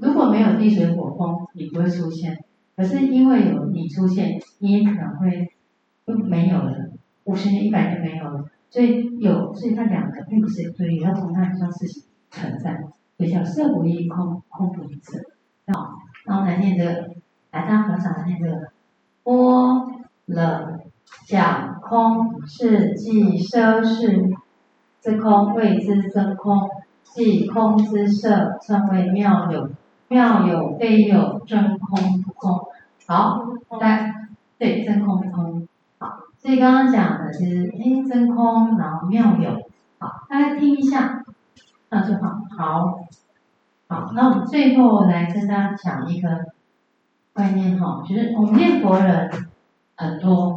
如果沒有地水火風，你不會出現。可是因為有你出現，你可能會又沒有了，五十年、一百年沒有了。所以有，所以它兩個並不是，所以要從那一樁事情存在。所以叫色不異空，空不異色。好，那我來念這個，來大家很少來念這個。波了，假空，是即色是之空，謂之真空，即空之色，稱為妙有。妙有非有，真空不空。好，來，對，真空不空。好，所以剛剛講的是因真空，然後妙有。好，大家聽一下，那就好。好，好，那我們最後來跟大家講一個概念哈，就是我們念佛人很多，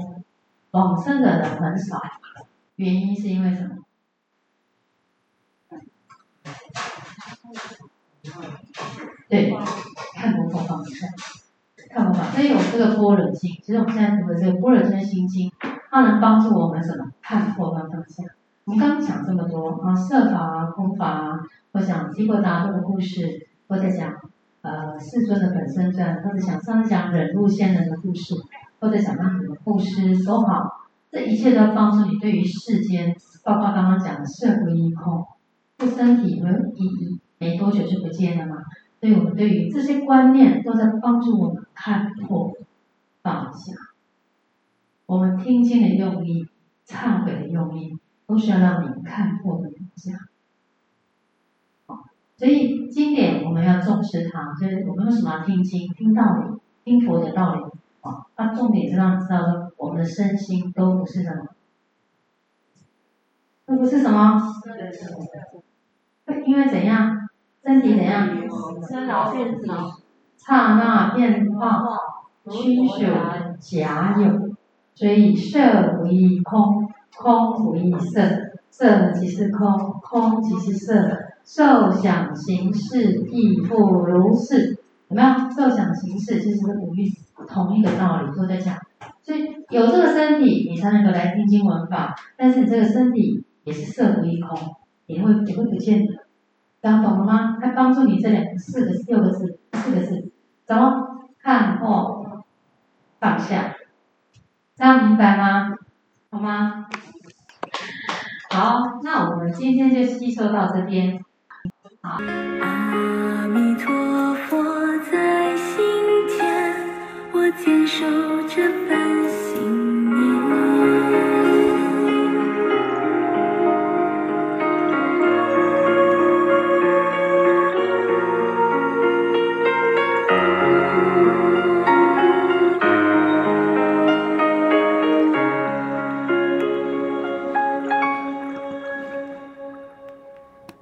往生的人很少，原因是因為什麼？對，看破放下，看破，所以有這個般若心。其實我們現在讀的這個般若心經，它能幫助我們什麼？看破放下。我們剛剛講這麼多啊，色法空法，或者講提婆達多的故事，或者講呃世尊的本生傳，或者講上講忍辱仙人的故事，或者講讓你的故事走好，這一切都要幫助你對於世間，包括剛剛講的色不異空，這身體沒有意義，沒多久就不見了嘛。所以我們對於這些觀念都在幫助我們看破放下。我們聽經的用意、懺悔的用意，都是要讓你看破放下。所以經典我們要重視它，就是我們為什麼要聽經、聽道理、聽佛的道理？啊，它重點是讓知道我們的身心都不是什麼，都不是什麼，是什麼？因為怎樣？身體怎樣？生老病死，剎那變化，虛有假有。所以色不異空，空不異色，色即是空，空即是色。受想行識亦復如是。有沒有？受想行識其實是五蘊同一個道理都在講。所以有這個身體，你才能夠來聽經聞法。但是你這個身體也是色不異空，也會也會不見的。講懂了嗎？來幫助你，這兩個四個六個字，四個字，走，看破放下，這樣明白嗎？好嗎？好，那我們今天就吸收到這邊。好，阿彌陀佛在心間，我堅守着白。